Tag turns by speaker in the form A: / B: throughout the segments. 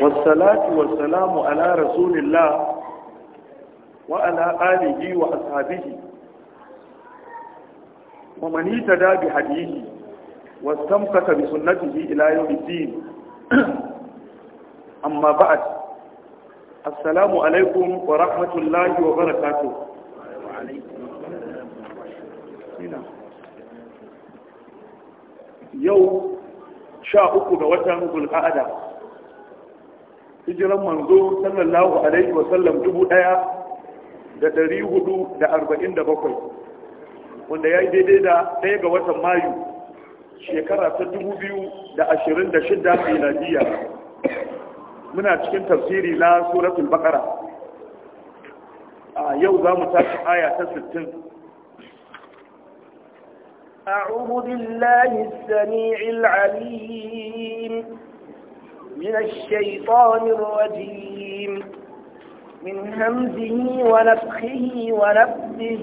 A: wasalatu wasalamu ala rasulillah wa ala alihi wa ashabihi wa man yatada bi hadihi wastamsaka bi sunnatihi ila yawm al amma ba'd assalamu alaykum wa rahmatullahi wa barakatuh sha uku ga watan zulqa'ada hijiran manzo sallallahu alaihi wa sallam dubu da dari hudu da arba'in da bakwai wanda ya yi daidai da ɗaya ga watan mayu shekara ta dubu biyu da ashirin da shida miladiya muna cikin tafsiri na suratul baqara a yau za mu tashi aya ta sittin
B: أعوذ بالله السميع العليم من الشيطان الرجيم من همزه ونفخه ونفثه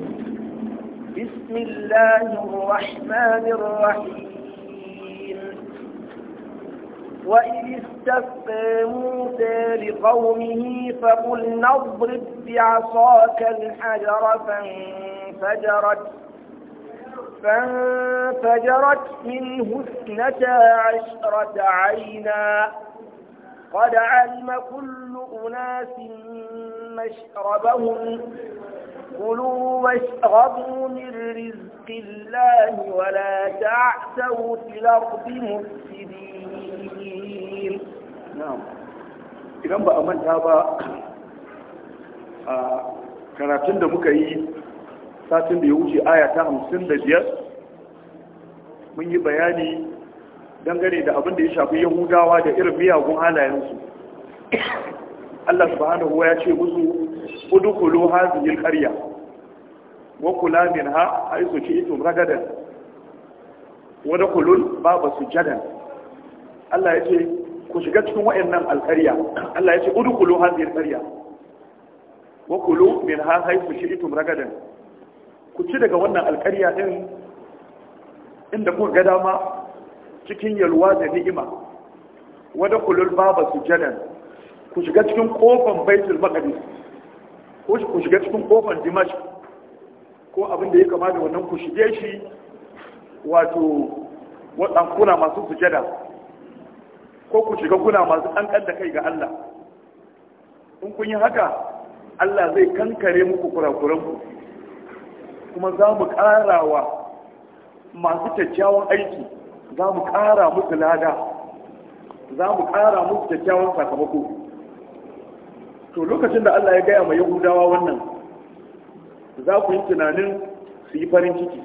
B: بسم الله الرحمن الرحيم وإذ استسقى موسى لقومه فقل نضرب بعصاك الحجر فانفجرت فانفجرت منه اثنتا عشرة عينا قد علم كل أناس مشربهم كلوا واشربوا من رزق الله ولا تعثوا في الأرض مفسدين نعم
A: إذا ما a manta ba a karatun satin da ya wuce aya ta hamsin da biyar mun yi bayani dangane da abin da ya shafi yahudawa da irin miyagun halayensu Allah subhanahu wa ya ce musu ha hadhihi karya. wa kula min minha haythu shi'tum ragadan wa dakhulul su sujadan Allah ya ce ku shiga cikin wayannan alqarya Allah ya ce ha hadhihi karya. wa kulo kulu minha haythu shi'tum ragadan ku ci daga wannan alƙarya ɗin inda kuka ga dama cikin yalwa da ni'ima wada kulul baba su sujadan ku shiga cikin kofan baitul maqdis ko ku shiga cikin kofan dimash ko abin da ya kamata wannan ku shige shi wato wadan kuna masu sujada ko ku shiga kuna masu kankan da kai ga Allah in kun yi haka Allah zai kankare muku kurakuranku kuma za mu wa masu kyakkyawan aiki za mu ƙara musu lada za mu ƙara musu kyakkyawan sakamako to lokacin da Allah ya gaya ma yahudawa wannan za ku yi tunanin su yi farin ciki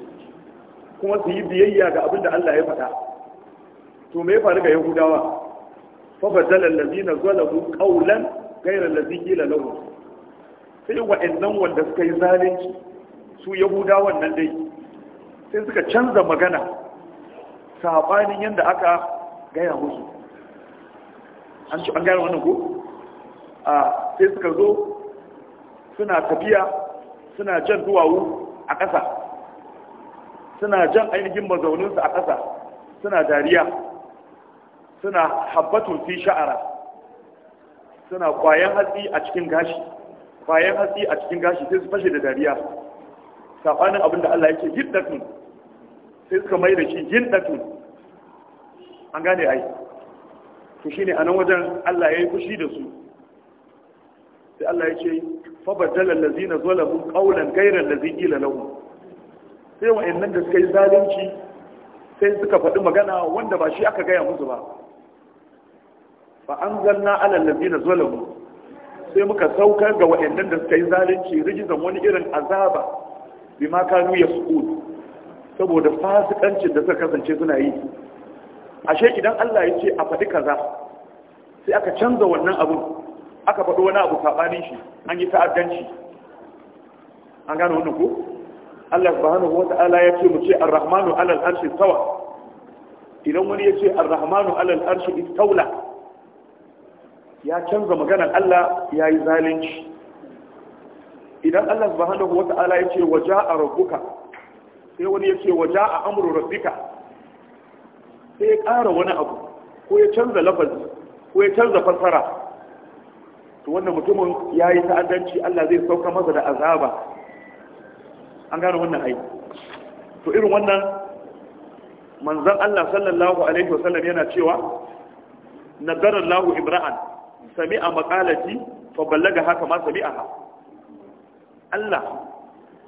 A: kuma su yi biyayya ga abin da Allah ya faɗa to me ya faru ga yahudawa fa badala allazina zalabu qawlan ghayra allazi qila lahu sai wa'annan wanda suka yi zalunci su Yahuda wannan dai sai suka canza magana sabanin yadda aka gaya musu an ci an wannan ko a sai suka zo suna tafiya suna jan duwawu a ƙasa suna jan ainihin mazauninsu a ƙasa suna dariya suna habbatun fi sha'ara suna kwayan hatsi a cikin gashi kwayan hatsi a cikin gashi sai su fashe da dariya sabanin abin da Allah yake hiddatun sai suka mai da shi hiddatun an gane ai to shine a nan wajen Allah ya yi fushi da su sai Allah ya ce fa badala allazina zalamu qawlan ghayra allazi ila lahum sai wa'annan da suka yi zalunci sai suka faɗi magana wanda ba shi aka gaya musu ba fa anzalna ala allazina zalamu sai muka saukar ga wa'annan da suka yi zalunci rijizan wani irin azaba ma kanu yasqud saboda fasikancin da suka kasance suna yi ashe idan Allah ya ce a faɗi kaza sai aka canza wannan abu aka faɗi wani abu sabanin shi an yi ta'addanci an gano wannan ko Allah subhanahu wata'ala ya ce mu ce ar-rahmanu 'alal arshi tawa idan wani ya ce ar-rahmanu 'alal arshi istawla ya canza maganar Allah ya yi zalunci idan Allah subhanahu wata'ala ya ce wa ja'a rabbuka sai wani ya ce wa ja'a amru rabbika sai ya ƙara wani abu ko ya canza lafazi ko ya canza fassara to wannan mutumin ya yi ta'addanci Allah zai sauka masa da azaba an gane wannan aiki to irin wannan manzan Allah sallallahu alaihi wasallam yana cewa nazarar lahu ibra'an sami'a maqalati fa ballaga haka ma sami'aha Allah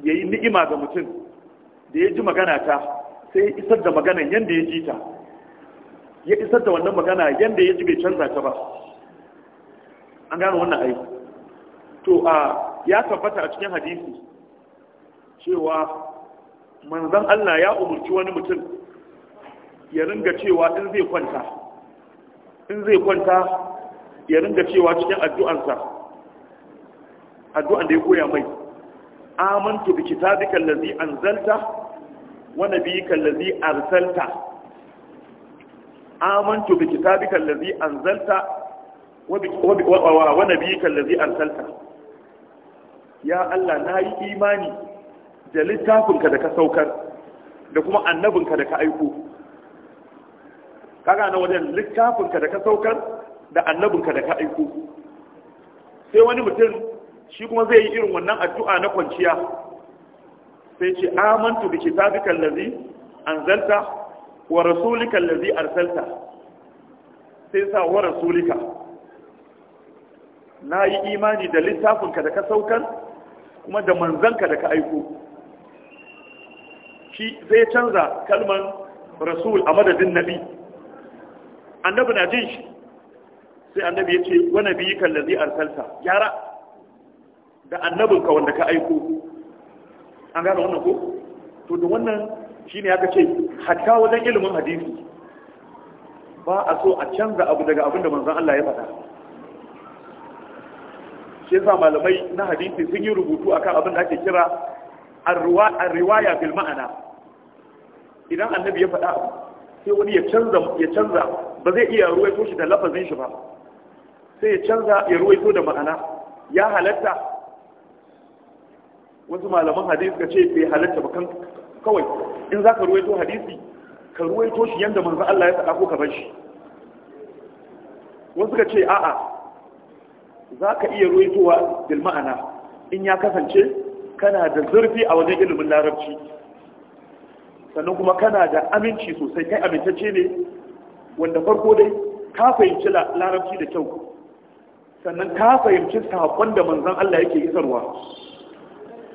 A: ya yi ni'ima ga mutum da ya ji magana ta sai ya isar da magana yadda ya ji ta ya isar da wannan magana yadda ya ji bai canza ta ba an gano wannan aiki to a ya tabbata a cikin hadisi cewa manzan Allah ya umarci wani mutum ya ringa cewa in zai kwanta in zai kwanta ya ringa cewa cikin addu'ansa addu'an da ya koya mai amantu bi kitabika allazi anzalta wa nabiyyika allazi arsalta amantu bi kitabika allazi anzalta wa nabiyyika allazi arsalta ya Allah na yi imani da littafinka da ka saukar da kuma annabinka da ka aiko kaga na wajen littafinka da ka saukar da annabinka da ka aiko sai wani mutum shi kuma zai yi irin wannan addu'a na kwanciya sai ce amantu bi kitabika allazi anzalta wa kallazi allazi arsalta sai sa wa rasulika na yi imani da littafinka da ka saukar kuma da manzanka da ka aiko shi zai canza kalman rasul a madadin nabi annabi na jin shi sai annabi ya ce wa nabi kallazi arsalta gyara da annabinka wanda ka aiko an gane wannan ko to da wannan shine aka ce hatta wajen ilimin hadisi ba a so a canza abu daga abin da manzon Allah ya faɗa shi yasa malamai na hadisi sun yi rubutu akan abin da ake kira ar-riwaya bil ma'ana idan annabi ya faɗa abu sai wani ya canza ya canza ba zai iya ruwaito shi da lafazin shi ba sai ya canza ya ruwaito da ma'ana ya halatta wasu malaman hadisi ka ce bai halatta ba kawai in za ka ruwaito hadisi ka ruwaito shi yadda manzo Allah ya faɗa ko ka bar shi wasu ka ce a'a za ka iya ruwaitowa bil ma'ana in ya kasance kana da zurfi a wajen ilimin larabci sannan kuma kana da aminci sosai kai amintacce ne wanda farko dai ka fahimci larabci da kyau sannan ka fahimci saƙon da manzon Allah yake isarwa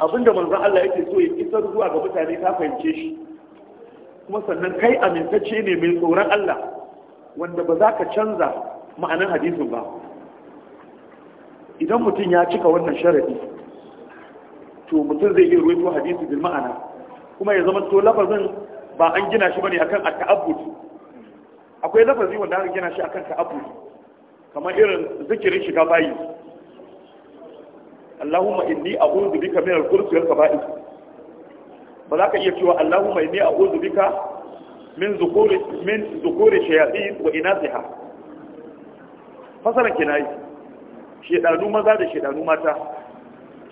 A: Abin abinda manzan Allah yake so ya isar zuwa ga mutane ta fahimce shi kuma sannan kai amintacce ne mai tsoron Allah wanda ba za ka canza ma'anar hadisin ba idan mutum ya cika wannan sharadi to mutum zai iya ruwaito hadisi bil ma'ana kuma ya zama to lafazin ba an gina shi bane akan at akwai lafazi wanda aka gina shi akan ta'abbud kamar irin zikirin shiga bayi Allahumma inni a'udhu bika min al-khubthi wal kaba'ith ba za ka iya cewa Allahumma inni a'udhu bika min zukuri min zukuri shayatin wa inasiha fasaran kinayi shedanu maza da shedanu mata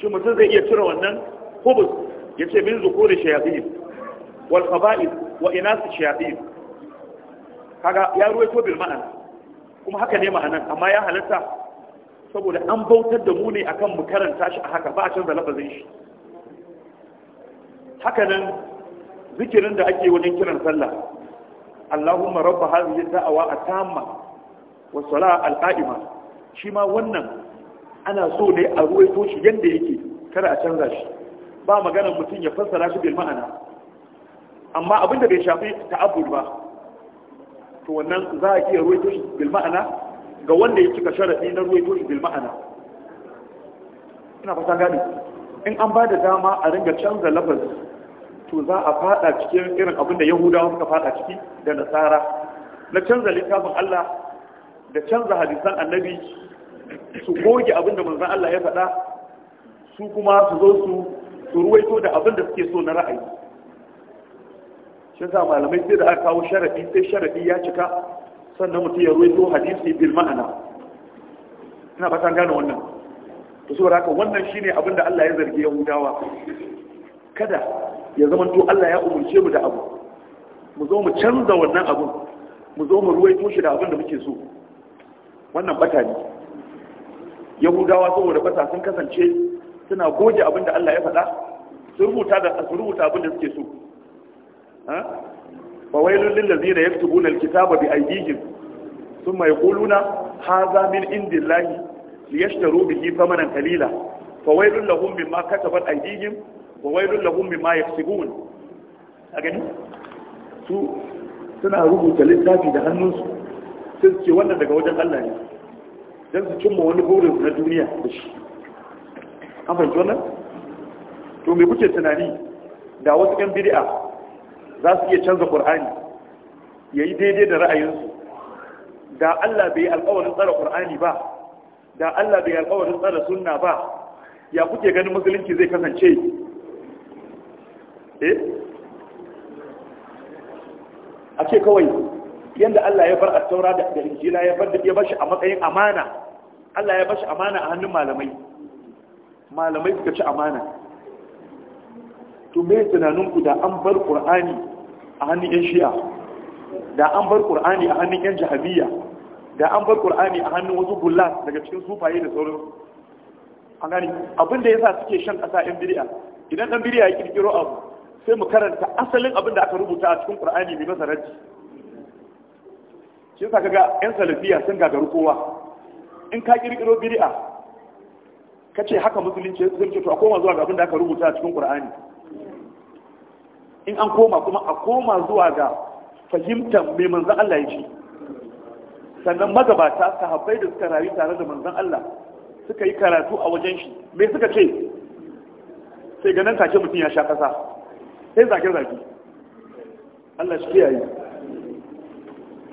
A: shi mutum zai iya cire wannan khubus yace min zukuri shayatin wal kaba'ith wa inasi shayatin kaga ya kuma haka ne ma'anan amma ya halarta. saboda an bautar da mu ne akan mu karanta shi a haka ba a canza lafazin shi haka nan zikirin da ake wajen kiran sallah Allahumma rabba hadhihi da'awa atamma wa salat al-qa'ima shi ma wannan ana so ne a ruwaito shi yanda yake kada a canza shi ba maganar mutum ya fassara shi bil ma'ana amma abinda bai shafi ta'abbud ba to wannan za a iya ruwaito shi bil ma'ana ga wanda ya cika sharaɗi na ruwa ko bil ma'ana ina fata gani in an ba da dama a ringa canza lafazi to za a fada cikin irin abin da yahudawa suka fada ciki da nasara na canza littafin Allah da canza hadisan annabi su goge abin da manzan Allah ya faɗa su kuma su zo su su ruwaito da abin da suke so na ra'ayi shi sa malamai sai da aka kawo sharaɗi sai sharaɗi ya cika sannan mutum ya ruwaito hadisi bil ma'ana ina ba san gane wannan to saboda haka wannan shine abin da Allah ya zargi Yahudawa kada ya to Allah ya umurce mu da abu mu zo mu canza wannan abun mu zo mu ruwaito shi da abin da muke so wannan bata ne Yahudawa saboda bata sun kasance suna goge abin da Allah ya faɗa su rubuta da su rubuta abin da suke so fawailun lillazina yaktubuna alkitaba bi aydihim thumma yaquluna haza min indillahi liyashtaru bihi thamanan qalila fawailun lahum mimma katabat aydihim wa wailun lahum mimma yaksibun a gani su suna rubuta littafi da hannunsu sai su ce wannan daga wajen Allah ne don su cimma wani burin na duniya da shi an fahimci wannan to me kuke tunani da wasu 'yan bid'a za su iya canza ya yi daidai da ra'ayinsu da Allah bai alƙawarin tsara ƙur'ani ba da Allah bai alƙawarin tsara sunna ba ya kuke ganin musulunci zai kasance eh a ce kawai yadda Allah ya bar taura da injila ya bar da ya bashi a matsayin amana Allah ya bashi amana a hannun malamai malamai suka ci amana to me tunaninku da an bar ƙur'ani. a hannun yan shi'a da an bar ƙur'ani a hannun yan jahabiyya da an bar ƙur'ani a hannun wasu gullas daga cikin sufaye da sauran a gani abinda ya sa suke shan ƙasa yan biriya, idan ɗan biriya ya ƙirƙiro abu sai mu karanta asalin abin da aka rubuta a cikin ƙur'ani mai masa raji shi yasa ga yan salafiya sun gagaru kowa in ka ƙirƙiro biriya, ka ce haka musulunci zai ce to a koma zuwa ga abin da aka rubuta a cikin ƙur'ani. in an koma kuma a koma zuwa ga fahimtar mai manzan Allah ya ce sannan magabata sahabbai da suka rayu tare da manzan Allah suka yi karatu a wajen shi mai suka ce sai ganin take mutum ya sha kasa sai zage-zage Allah shi kiyaye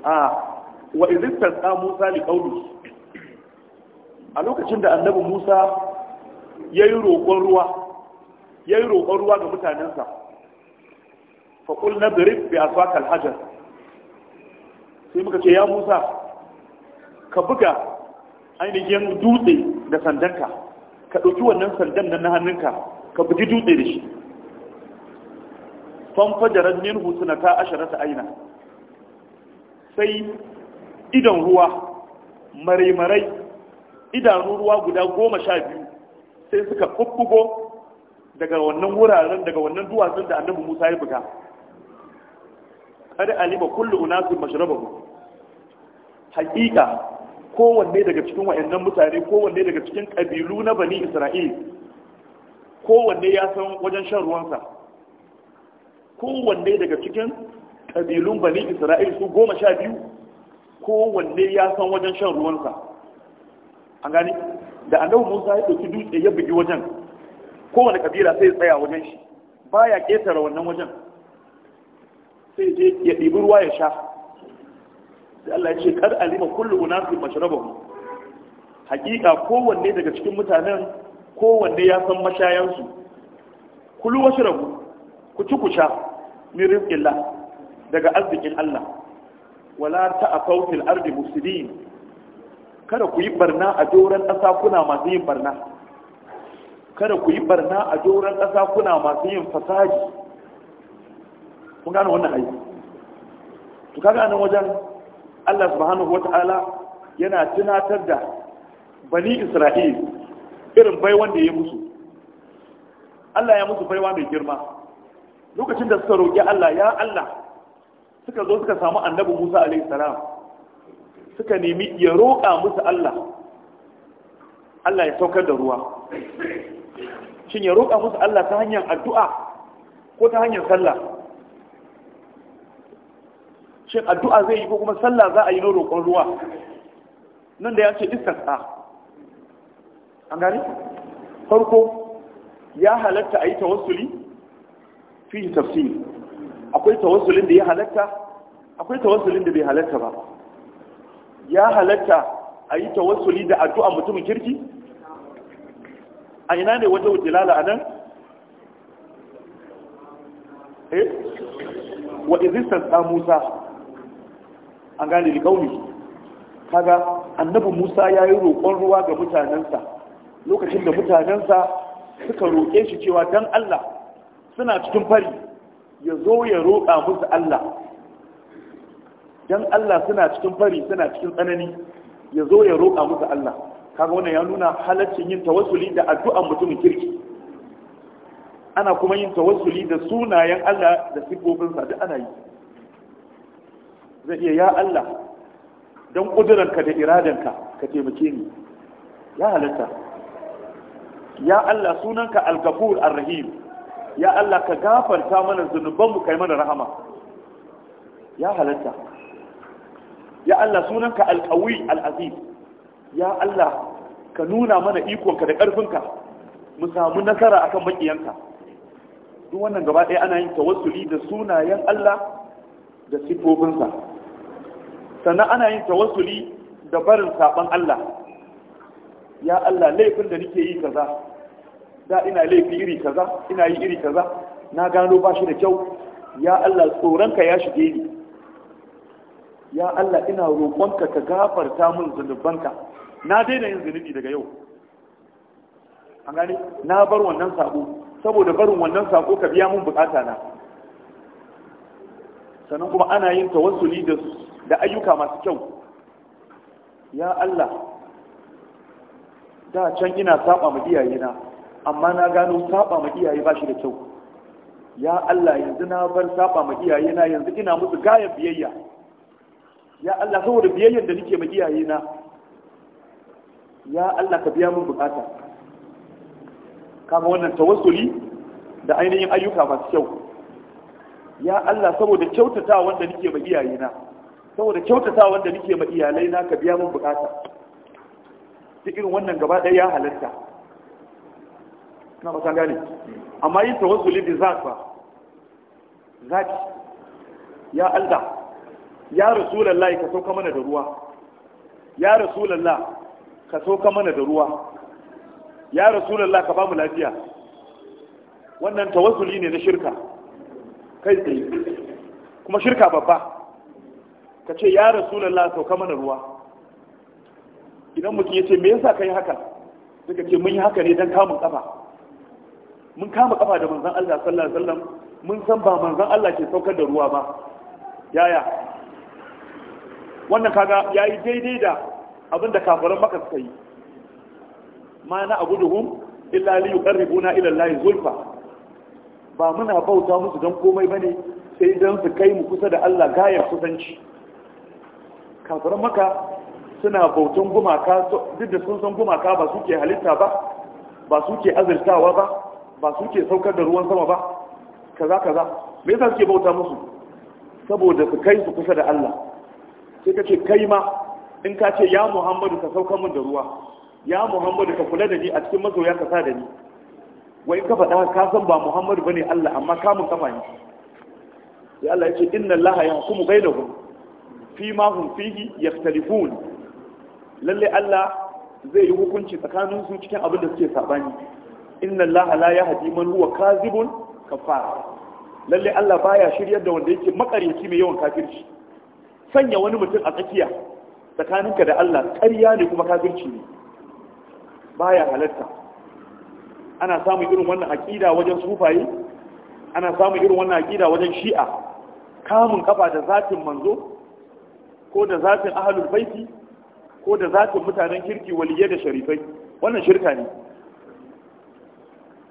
A: a wa izistar ta Musa li kaulu a lokacin da annabi Musa ya yi roƙon ruwa ya yi roƙon ruwa ga mutanensa faƙul na nadrib bi aswaqal hajar sai muka ce ya Musa ka buga ainihin dutse da sandanka ka ɗauki wannan sandan nan na hannunka ka bugi dutse da shi fanfajarar minhu suna ta asharata aina sai idan ruwa marimarai idanu ruwa guda goma sha biyu sai suka fuffugo daga wannan wuraren daga wannan duwatsun da annabi musa ya buga kada alima kullu unasin mashrabahu haƙiƙa kowanne daga cikin wayannan mutane kowanne daga cikin ƙabilu na bani isra'il kowanne ya san wajen shan ruwansa kowanne daga cikin ƙabilun bani isra'il su goma sha biyu kowanne ya san wajen shan ruwansa an gani da annabi musa ya ɗauki dutse ya bugi wajen kowane kabila sai ya tsaya wajen shi baya ƙetare wannan wajen sai je ya ɗibi ruwa ya sha sai Allah ya ce kar alima kullu unasin mashrabahum hakika kowanne daga cikin mutanen kowanne ya san mashayansu kullu washrabu ku ci ku sha min rizqillah daga arzikin Allah wala ta'afaw fil ardi mufsidin kada ku yi barna a doron ƙasa kuna masu yin barna kada ku yi barna a doron ƙasa kuna masu yin fasaji kun gane wannan aiki to kaga nan wajen Allah subhanahu wata'ala yana tunatar da bani Isra'il irin bai da ya musu Allah ya musu baiwa mai girma lokacin da suka roƙi Allah ya Allah suka zo suka samu annabi Musa alaihi salam suka nemi ya roƙa musu Allah Allah ya saukar da ruwa shin ya roƙa musu Allah ta hanyar addu'a ko ta hanyar sallah shi addu'a zai yi ko kuma sallah za a yi na roƙon ruwa nan da ya ce istasqa an gani? farko ya halatta a yi tawassuli fi tafsir akwai tawassulin da ya halatta akwai tawassulin da bai halatta ba ya halatta a yi tawassuli da addu'a mutumin kirki a ina ne wata wujilala a nan eh wa izistas musa an gane da kauli kaga annabi Musa ya yi roƙon ruwa ga mutanensa lokacin da mutanensa suka roƙe shi cewa dan Allah suna cikin fari ya zo ya roƙa musu Allah don Allah suna cikin fari suna cikin tsanani ya zo ya roƙa musu Allah kaga wannan ya nuna halaccin yin tawasuli da addu'an mutumin kirki ana kuma yin tawasuli da sunayen Allah da sifofinsa da ana yi zai iya ya Allah don ƙuduranka da iradanka ka taimake ni ya halitta. ya Allah sunanka al-gafur ar-rahim ya Allah ka gafarta mana zunubanmu kai mana rahama ya halitta. ya Allah sunanka al-qawi al-aziz ya Allah ka nuna mana ikonka da ƙarfinka mu samu nasara akan makiyanka duk wannan gaba ɗaya ana yin tawassuli da sunayen Allah da sifofinsa sannan ana yin tawassuli da barin saban Allah ya Allah laifin da nake yi kaza da ina laifi iri kaza ina yi iri kaza na gano ba shi da kyau ya Allah tsoronka ya shige ni ya Allah ina roƙonka ka gafarta min zunubanka na daina yin zunubi daga yau an gane na bar wannan sako saboda barin wannan sako ka biya min bukata na sannan kuma ana yin tawassuli da da ayyuka masu kyau ya Allah da can ina saba ma iyayena amma na gano saba ma iyaye ba shi da kyau ya Allah yanzu na bar saba ma iyayena yanzu ina musu gayan biyayya ya Allah saboda biyayyar da nake ma iyayena ya Allah ka biya min bukata kaga wannan tawassuli da ainihin ayyuka masu kyau ya Allah saboda kyautata wanda nake ma na. saboda kyautata wanda nike ma iyalai na ka biya mun bukata duk irin wannan gaba ɗaya ya halarta na ba gane amma yin tawassuli bi zat ba zaki ya Allah ya rasulullahi ka sauka mana da ruwa ya rasulullahi ka sauka mana da ruwa ya rasulullahi ka ba mu lafiya wannan tawassuli ne na shirka kai tsaye kuma shirka babba ka ce ya rasulullah sauka mana ruwa idan mutum ya ce me yasa kai haka suka ce mun yi haka ne don kamun kafa mun kama kafa da manzon Allah sallallahu alaihi wasallam mun san ba manzon Allah ke saukar da ruwa ba yaya wannan kaga yayi daidai da abin da kafiran maka suka yi ma na abuduhum illa li yuqarribuna ila Allah zulfa ba muna bauta musu don komai bane sai don su kai mu kusa da Allah gayar kusanci kafiran maka suna bautan gumaka duk da sun san gumaka ba suke halitta ba ba suke azurtawa ba ba suke saukar da ruwan sama ba kaza kaza me yasa suke bauta musu saboda su kai su kusa da Allah sai kace kai ma in ka ce ya Muhammadu ka saukar min da ruwa ya Muhammadu ka kula da ni a cikin mazoya ka sa da ni wai ka faɗa ka san ba Muhammadu bane Allah amma ka mun kafa ne sai Allah ya ce inna Allah yahkumu bainahum fi ma hum fihi yaktalifun lalle Allah zai yi hukunci tsakanin su cikin abin da suke sabani inna Allah la yahdi man huwa kazibun kafara lalle Allah baya shiryar da wanda yake makaryaci mai yawan kafirci sanya wani mutum a tsakiya tsakaninka da Allah ƙarya ne kuma kafirci ne baya halatta ana samun irin wannan aqida wajen sufaye ana samun irin wannan aqida wajen shi'a kamun kafa da zatin manzo ko da zafin ahalul baiti ko da zafin mutanen kirki waliye da sharifai wannan shirka ne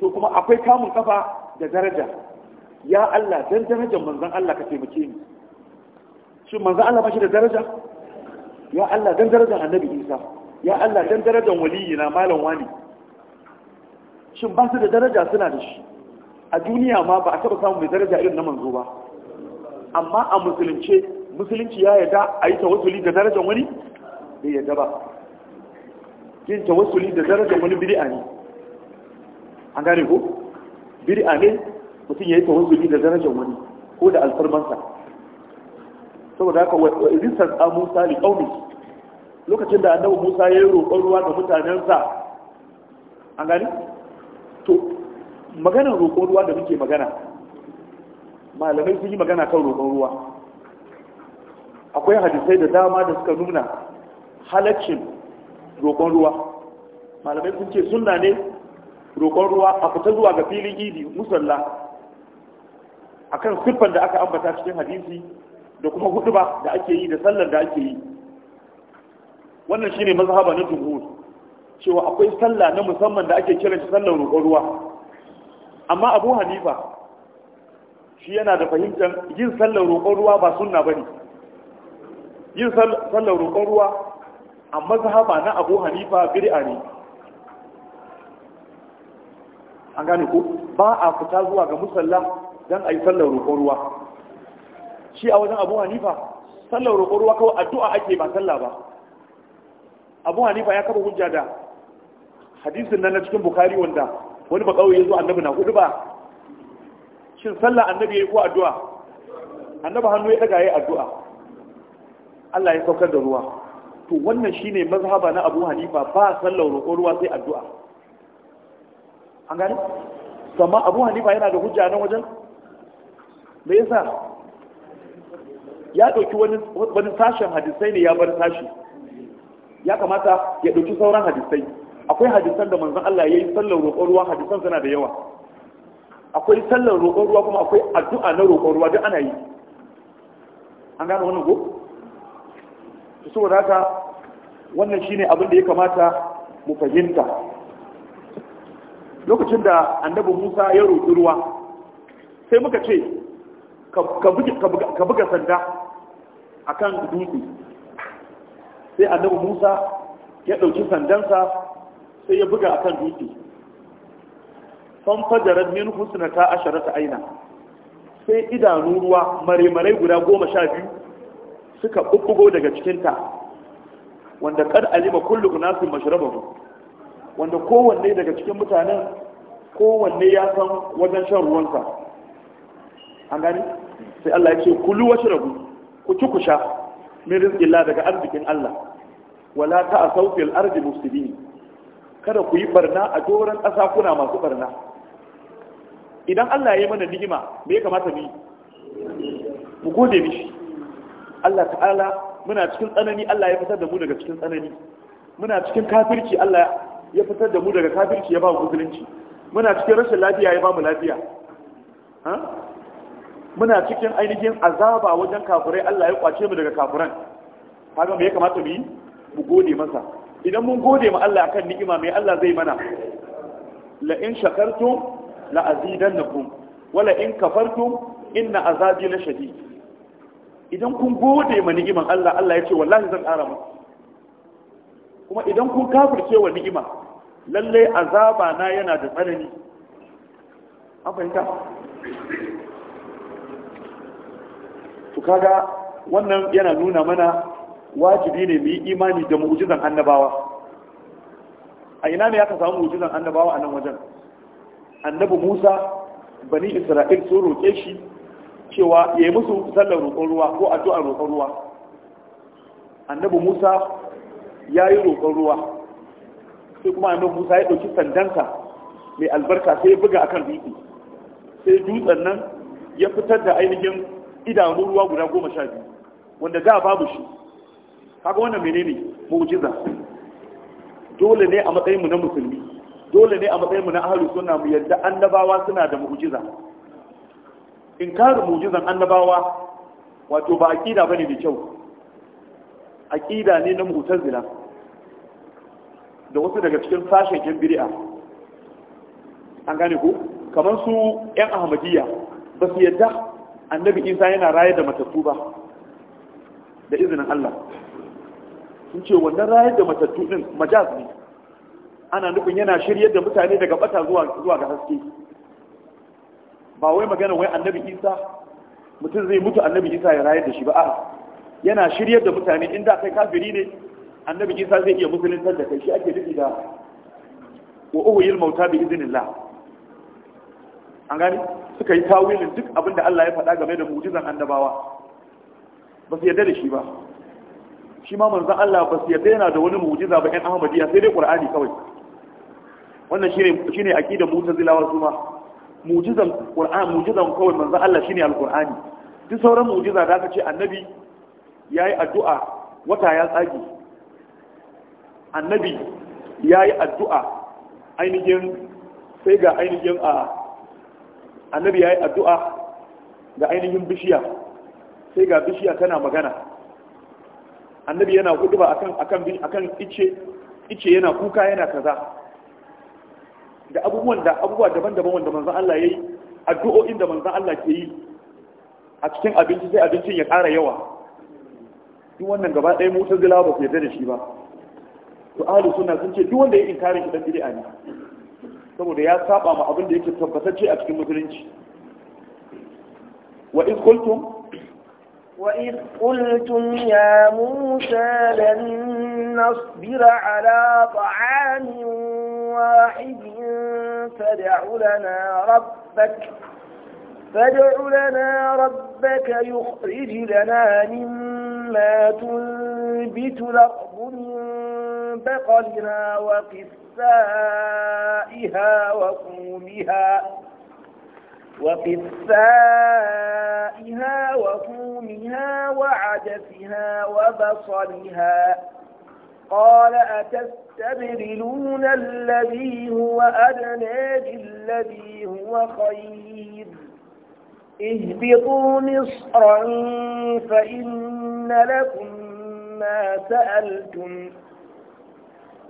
A: to kuma akwai kamun kafa da daraja ya Allah dan darajar manzon Allah ka taimake ni shin manzon Allah ba shi da daraja ya Allah dan darajar annabi Isa ya Allah dan darajar waliyina malam wani shin ba su da daraja suna da shi a duniya ma ba a taba samun mai daraja irin na manzo ba amma a musulunce musulunci ya yadda a yi tawassuli da darajar wani bai yadda ba yin tawassuli da darajar wani a ne an gane ko a ne mutum ya yi tawassuli da darajar wani ko da alfarmansa saboda haka risar a musa li qaumi lokacin da annabu musa ya yi roƙon ruwa ga mutanensa an gane to maganar roƙon ruwa da muke magana malamai sun yi magana kan roƙon ruwa akwai hadisai da dama da suka nuna halaccin roƙon ruwa malamai sun ce sunna ne roƙon ruwa a fita zuwa ga filin idi musalla akan siffar da aka ambata cikin hadisi da kuma huɗuba da ake yi da sallar da ake yi wannan shine mazhaba na jumhur cewa akwai sallah na musamman da ake kiran shi sallar roƙon ruwa amma abu hanifa shi yana da fahimtar yin sallar roƙon ruwa ba sunna bane yin sallar roƙon ruwa a mazhaba na abu hanifa bid'a ne an gane ku. ba a fita zuwa ga musalla don a yi sallar roƙon ruwa shi a wajen abu hanifa sallar roƙon ruwa kawai addu'a ake ba salla ba abu hanifa ya kaba hujja da hadisin nan na cikin bukari wanda wani ba kawai ya zo annabi na hudu ba shin sallar annabi ya yi ko addu'a annabi hannu ya daga ya yi addu'a Allah ya saukar da ruwa to wannan shine mazhaba na Abu Hanifa ba sallar roƙo ruwa sai addu'a an gani? amma Abu Hanifa yana da hujja nan wajen me yasa ya dauki wani wani sashen hadisai ne ya bar sashi ya kamata ya dauki sauran hadisai akwai hadisan da manzon Allah yayi sallar roƙon ruwa hadisan suna da yawa akwai sallar roƙon ruwa kuma akwai addu'a na roƙon ruwa duk ana yi an gane wannan ko to saboda haka wannan shine abin da ya kamata mu fahimta lokacin da annabi Musa ya roƙi ruwa sai muka ce ka buga sanda akan dutse sai annabi Musa ya ɗauki sandansa sai ya buga akan dutse fan fajarar min husna ta ta aina sai idanu ruwa mare-mare guda goma sha biyu suka bubbugo daga cikinta wanda kad alima kullu unasin mashrabahu wanda kowanne daga cikin mutanen kowanne ya san wajen shan ruwansa an gani sai Allah ya ce kulu washrabu ku ci ku sha min rizqillah daga arzikin Allah wala ta'asaw fil ardi mufsidin kada ku yi barna a doron ƙasa kuna masu barna idan Allah ya yi mana ni'ima me ya kamata mu yi mu gode mishi Allah ta'ala muna cikin tsanani Allah ya fitar da mu daga cikin tsanani muna cikin kafirci Allah ya fitar da mu daga kafirci ya ba mu musulunci muna cikin rashin lafiya ya ba mu lafiya muna cikin ainihin azaba wajen kafirai Allah ya kwace mu daga kafiran haka me ya kamata mu yi mu gode masa idan mun gode ma Allah akan ni'ima mai Allah zai mana la in shakartum la azidannakum wala in kafartum inna azabi la shadid idan kun gode ma ni'iman Allah Allah ya ce wallahi zan ƙara maka kuma idan kun kafirce wa ni'ima lalle azaba na yana da tsanani an fahimta to kaga wannan yana nuna mana wajibi ne mu yi imani da mu'jizan annabawa a ina ne aka samu mu'jizan annabawa a nan wajen annabi Musa bani Isra'il sun roƙe shi cewa ya yi musu sallar roƙon ruwa ko addu'ar roƙon ruwa annabi musa ya yi roƙon ruwa sai kuma annabi musa ya ɗauki sandanta mai albarka sai ya buga akan dutse sai dutsen nan ya fitar da ainihin idanun ruwa guda goma sha biyu wanda da babu shi Haka wannan menene mu'jiza dole ne a matsayin mu na musulmi dole ne a matsayin mu na ahlus sunna mu yadda annabawa suna da mu'jiza In karu mujizan annabawa wato ba aqida bane da kyau aqida ne na mu'tazila da wasu daga cikin sashen yan biri'a. an gane ku? kamar su yan ahmadiyya ba su yadda annabi isa yana rayar da matattu ba da izinin Allah sun ce wannan rayar da matattu din majaz ne ana nufin yana shiryar da mutane daga bata zuwa ga haske ba wai magana wai annabi isa mutum zai mutu annabi isa ya rayar da shi ba a yana shiryar da mutane inda kai kafiri ne annabi isa zai iya musulunta da kai shi ake nufi da wa uhu yil mauta bi iznillah an gani suka yi tawilin duk abin da Allah ya faɗa game da mu'jizan annabawa ba su yarda da shi ba shi ma manzon Allah ba su yarda yana da wani mu'jiza ba ɗan Ahmadiyya sai dai Qur'ani kawai wannan shine shine aqidar Mu'tazilawa su ma mujizan qur'an mujizan kawai manzo Allah shine alqur'ani duk sauran mujiza da aka ce annabi yayi addu'a wata ya tsage annabi yayi addu'a ainihin sai ga ainihin a annabi yayi addu'a ga ainihin bishiya sai ga bishiya tana magana annabi yana hudu ba akan akan akan ice ice yana kuka yana kaza da abubuwan da abubuwa daban-daban wanda manzan Allah ya yi addu'o'in da manzan Allah ke yi a cikin abinci sai abincin ya ƙara yawa duk wannan gaba ɗaya zila ba su yarda da shi ba to ahlu suna sun ce duk wanda ya inkarin shi dan bid'a ne saboda ya saba ma abin da yake tabbatacce a cikin musulunci wa iz qultum
B: وإذ قلتم يا موسى لن نصبر واحد فادع لنا ربك فادع لنا ربك يخرج لنا مما تنبت الأرض من بقلها وقثائها وقومها وقثائها وقومها وعدسها وبصلها قال أتستبدلون الذي هو أدنى بالذي هو خير اهبطوا مصرا فإن لكم ما سألتم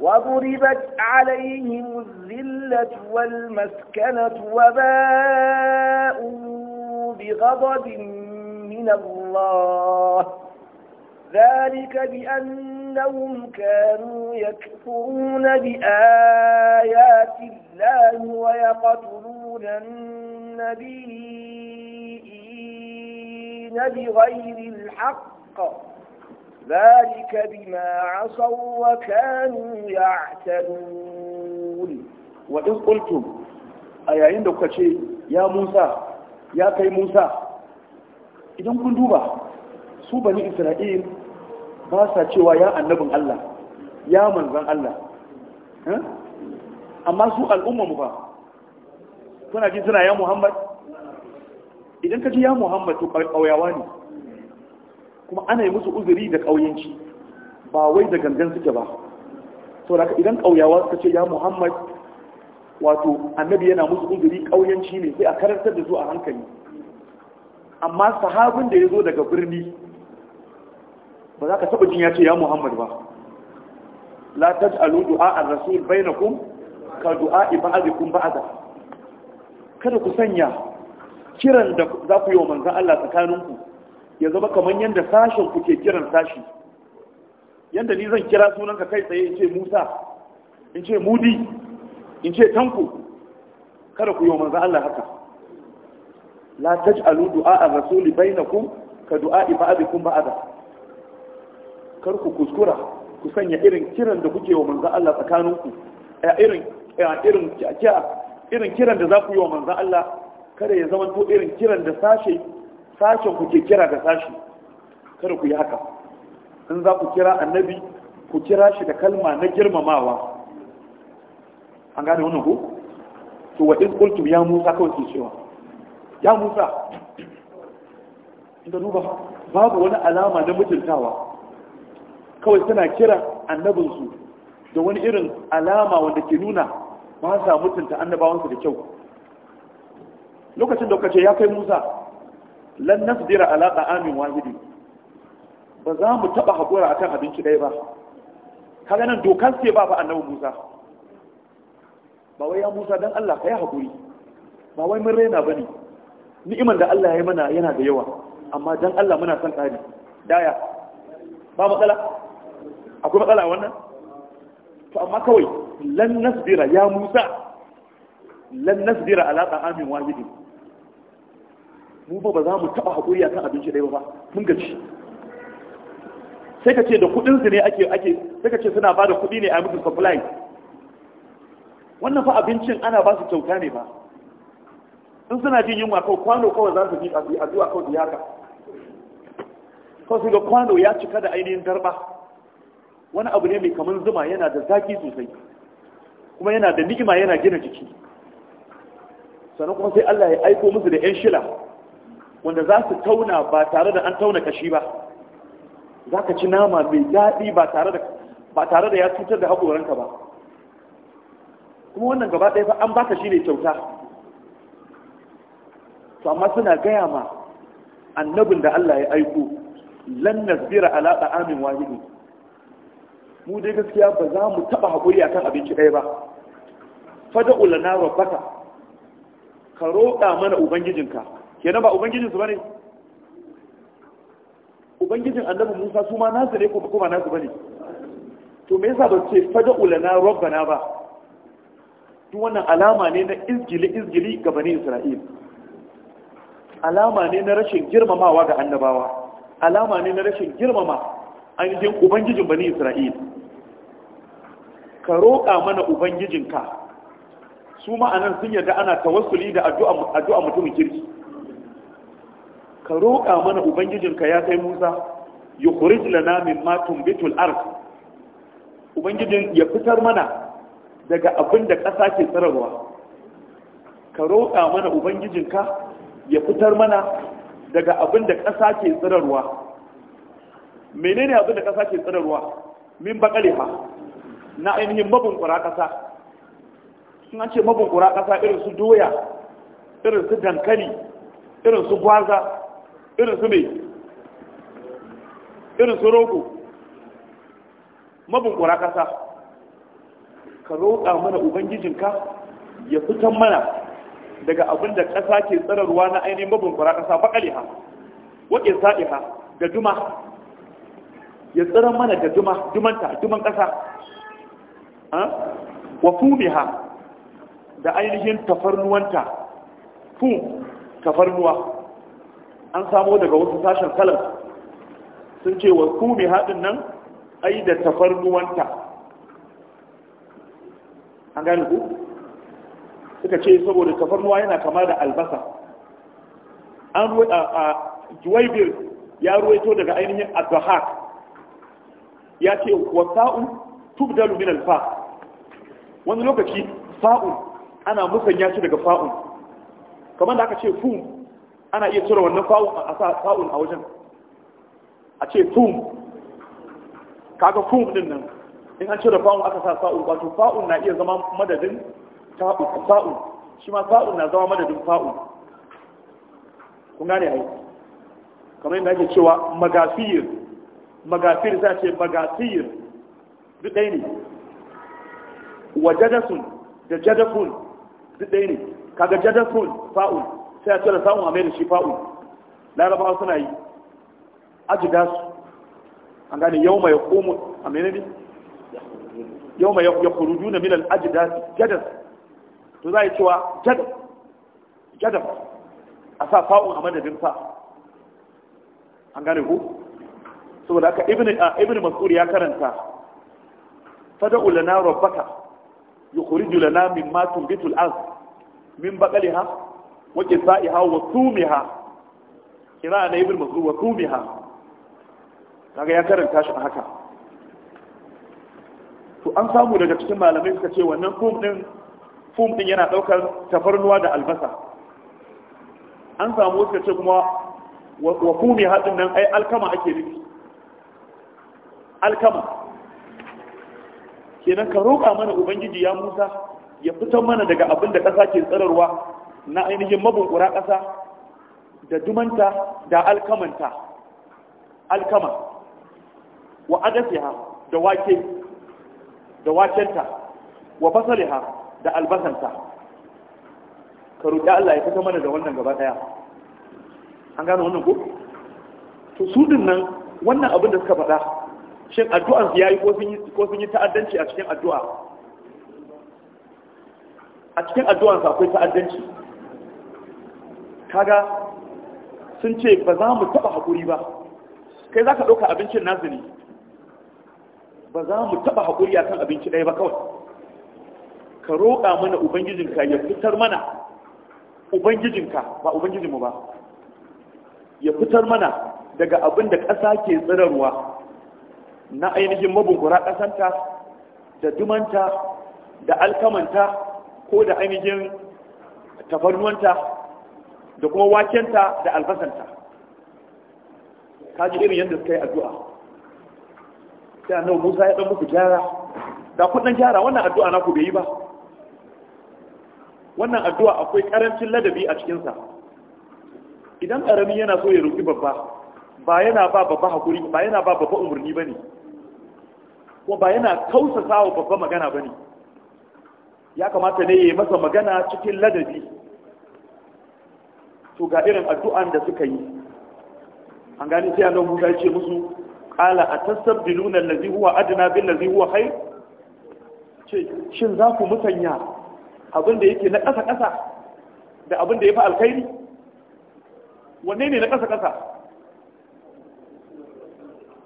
B: وضربت عليهم الذلة والمسكنة وباءوا بغضب من الله ذلك بأنهم كانوا يكفرون بآيات الله ويقتلون النبيين بغير الحق ذلك بما عصوا وكانوا يعتدون
A: وإذ قلتم أي عندك شيء يا موسى يا كي موسى إذا كنت دوبا su bani isra'il ba sa cewa ya annabin Allah ya manzan Allah eh? amma su al'ummanmu ba suna jin suna ya Muhammad idan ka ji ya Muhammad to ƙauyawa ne kuma ana yi musu uzuri da ƙauyenci ba wai da gangan suke ba saboda idan ƙauyawa suka ce ya Muhammad wato annabi yana musu uzuri ƙauyenci ne sai a karantar da su a hankali amma sahabin da ya zo daga birni ba za ka taɓa jin ya ce ya muhammad ba la taj'alu du'a ar-rasul bainakum ka du'a ba'dikum ba'da kada ku sanya kiran da za ku yi wa manzon Allah tsakaninku ya zama kamar yanda sashen ku ke kiran sashi yanda ni zan kira sunanka kai tsaye in ce Musa in ce Mudi in ce Tanko kada ku yi wa manzon Allah haka la taj'alu du'a ar-rasul bainakum ka du'a ba'dikum ba'da kar ku kuskura ku sanya irin kiran da kuke wa manzan Allah tsakaninku a irin a irin irin kiran da za ku yi wa manzan Allah kada ya zama to irin kiran da sashe sashen ku ke kira da sashi kada ku yi haka in za ku kira annabi ku kira shi da kalma na girmamawa an gane wannan ku to wa in qultum ya Musa kawai ke cewa ya Musa inda duba babu wani alama na mutuntawa kawai suna kira annabinsu da wani irin alama wanda ke nuna ba sa mutunta annabawansu da kyau lokacin da kace ya kai musa lan nasdira ala ta'amin wahidi ba za mu taba hakura akan abinci dai ba kaga nan dokar ce ba fa annabi musa ba wai ya musa dan Allah ka yi hakuri ba wai mun raina bane ni'iman da Allah ya yi mana yana da yawa amma dan Allah muna son kare daya ba matsala akwai matsala a wannan to amma kawai lan nasbira ya musa lan nasbira ala amin wahidin mu ba za mu taɓa haƙuri akan abinci ɗaya ba mun gaci sai ka ce da kuɗin su ne ake ake sai ka ce suna ba da kuɗi ne a musu supply wannan fa abincin ana ba su kyauta ne ba in suna jin yunwa kawai kwano kawai za su bi a zuwa kawai haka kawai su ga kwano ya cika da ainihin garba. wani abu ne mai kamar zuma yana da zaki sosai kuma yana da ni'ima yana gina jiki sannan kuma sai Allah ya aiko musu da 'yan shila wanda za su tauna ba tare da an tauna kashi ba za ka ci nama mai daɗi ba tare da ya cutar da haƙoranka ba kuma wannan gaba ɗaya fa an ka shi ne kyauta to amma suna gaya ma annabin da Allah ya aiko lan nasbira ala amin, wahidi mu dai gaskiya ba za mu taba haƙuri akan abinci ɗaya ba fada ulana rabbaka ka roƙa mana ubangijinka kenan ba ubangijinsu bane ubangijin annabi Musa su ma nasu ne ko ba nasu bane to me yasa ba ce fada ulana rabbana ba duk wannan alama ne na izgili izgili ga bani Isra'il alama ne na rashin girmamawa ga annabawa alama ne na rashin girmama ainihin ubangijin bani Isra'il ka roƙa mana ubangijinka su ma'anar sun yarda ana tawassuli da addu'a mutumin kirki ka roƙa mana ubangijinka ya sai musa ya kurij lana min matun bitul arz ubangijin ya fitar mana daga abin da ƙasa ke tsararwa ka roƙa mana ubangijinka ya fitar mana daga abin da ƙasa ke tsararwa. menene abin da ƙasa ke tsararwa min bakaliha na ainihin mabunkura ƙasa sun an ce mabunkura ƙasa irin su doya irin su dankali irin su gwaza irin su mai irin su rogo mabunkura ƙasa ka roƙa mana ubangijinka ya fitan mana daga abin da ƙasa ke tsararwa na ainihin mabunkura ƙasa baƙaliha waƙe sa'iha da duma ya tsirar mana da duma dumanta duman ƙasa wa fumiha da ainihin tafarnuwanta fum tafarnuwa an samo daga wasu sashen kalan. sun ce wa fumiha din nan ai da tafarnuwanta an gani ku suka ce saboda tafarnuwa yana kama da albasa an ruwa a juwaibir ya ruwaito daga ainihin abdahak ya ce wasa'un tubdalu min alfa wani lokaci fa'un ana musanya shi daga fa'un kamar da aka ce fum ana iya cire wannan fa'un a sa fa'un a wajen a ce fum kaga fum din nan in an cire fa'un aka sa fa'un wato fa'un na iya zama madadin fa'un shi ma fa'un na zama madadin fa'un kun gane ai kamar yadda ake cewa magafiyar magafiyar za ce magafiyar duk ɗaya ne wa jadasun da jadakun duk ɗaya ne kaga jadakun fa'ul sai a cire a amai da shi fa'ul larabawa suna yi ajida su an gane yau mai komo a nabi yau mai ya kuruju na milal ajida jadas to za a yi cewa jadas a sa fa'un a madadin sa an gane ku saboda haka ibn mas'ud ya karanta fada ulana rabbaka يخرج لنا مما تنبت الأرض min بقلها wa وثومها wa tumiha kira na ibn mas'ud wa tumiha kaga ya karanta shi haka to an samu daga cikin malamai suka ce wannan fom din yana daukar tafarnuwa da albasa an samu suka ce kuma wa fumi hadin nan ai alkama ake nufi alkama kenan ka roƙa mana ubangiji ya musa ya fitar mana daga abin da ƙasa ke tsararwa na ainihin mabunkura ƙasa da dumanta da alkamanta alkama wa adasiha da wake da wakenta wa basaliha da albasanta ka roƙi Allah ya fitar mana da wannan gaba ɗaya an gano wannan ko to su nan wannan abin da suka faɗa shin addu'an su yayi ko sun yi ta'addanci a cikin addu'a a cikin addu'an su akwai ta'addanci kaga sun ce ba za mu taba hakuri ba kai za ka ɗauka abincin nazari ba za mu taba hakuri akan abinci ɗaya ba kawai ka roƙa mana ubangijinka ya fitar mana ubangijinka ba ubangijinmu ba ya fitar mana daga abin da ƙasa ke tsirarwa na ainihin mabunkura ƙasanta da dumanta da alkamanta ko da ainihin tafarnuwanta da kuma wakenta da albasanta kaji irin yadda suka yi addu'a sai annabi musa ya ɗan muku gyara da kudin gyara wannan addu'a na ku bai yi ba wannan addu'a akwai ƙarancin ladabi a cikinsa idan ƙarami yana so ya rufi babba ba yana ba babba hakuri ba yana ba babba umarni ba ne ko ba yana kausa wa babba magana ba ne ya kamata ne ya yi masa magana cikin ladabi to ga irin addu'an da suka yi an gani sai annabi Musa ya ce musu qala atastabdiluna allazi huwa adna bil ladzi huwa khair ce shin za ku musanya abin da yake na ƙasa ƙasa da abin da ya fi alkhairi wanne ne na ƙasa ƙasa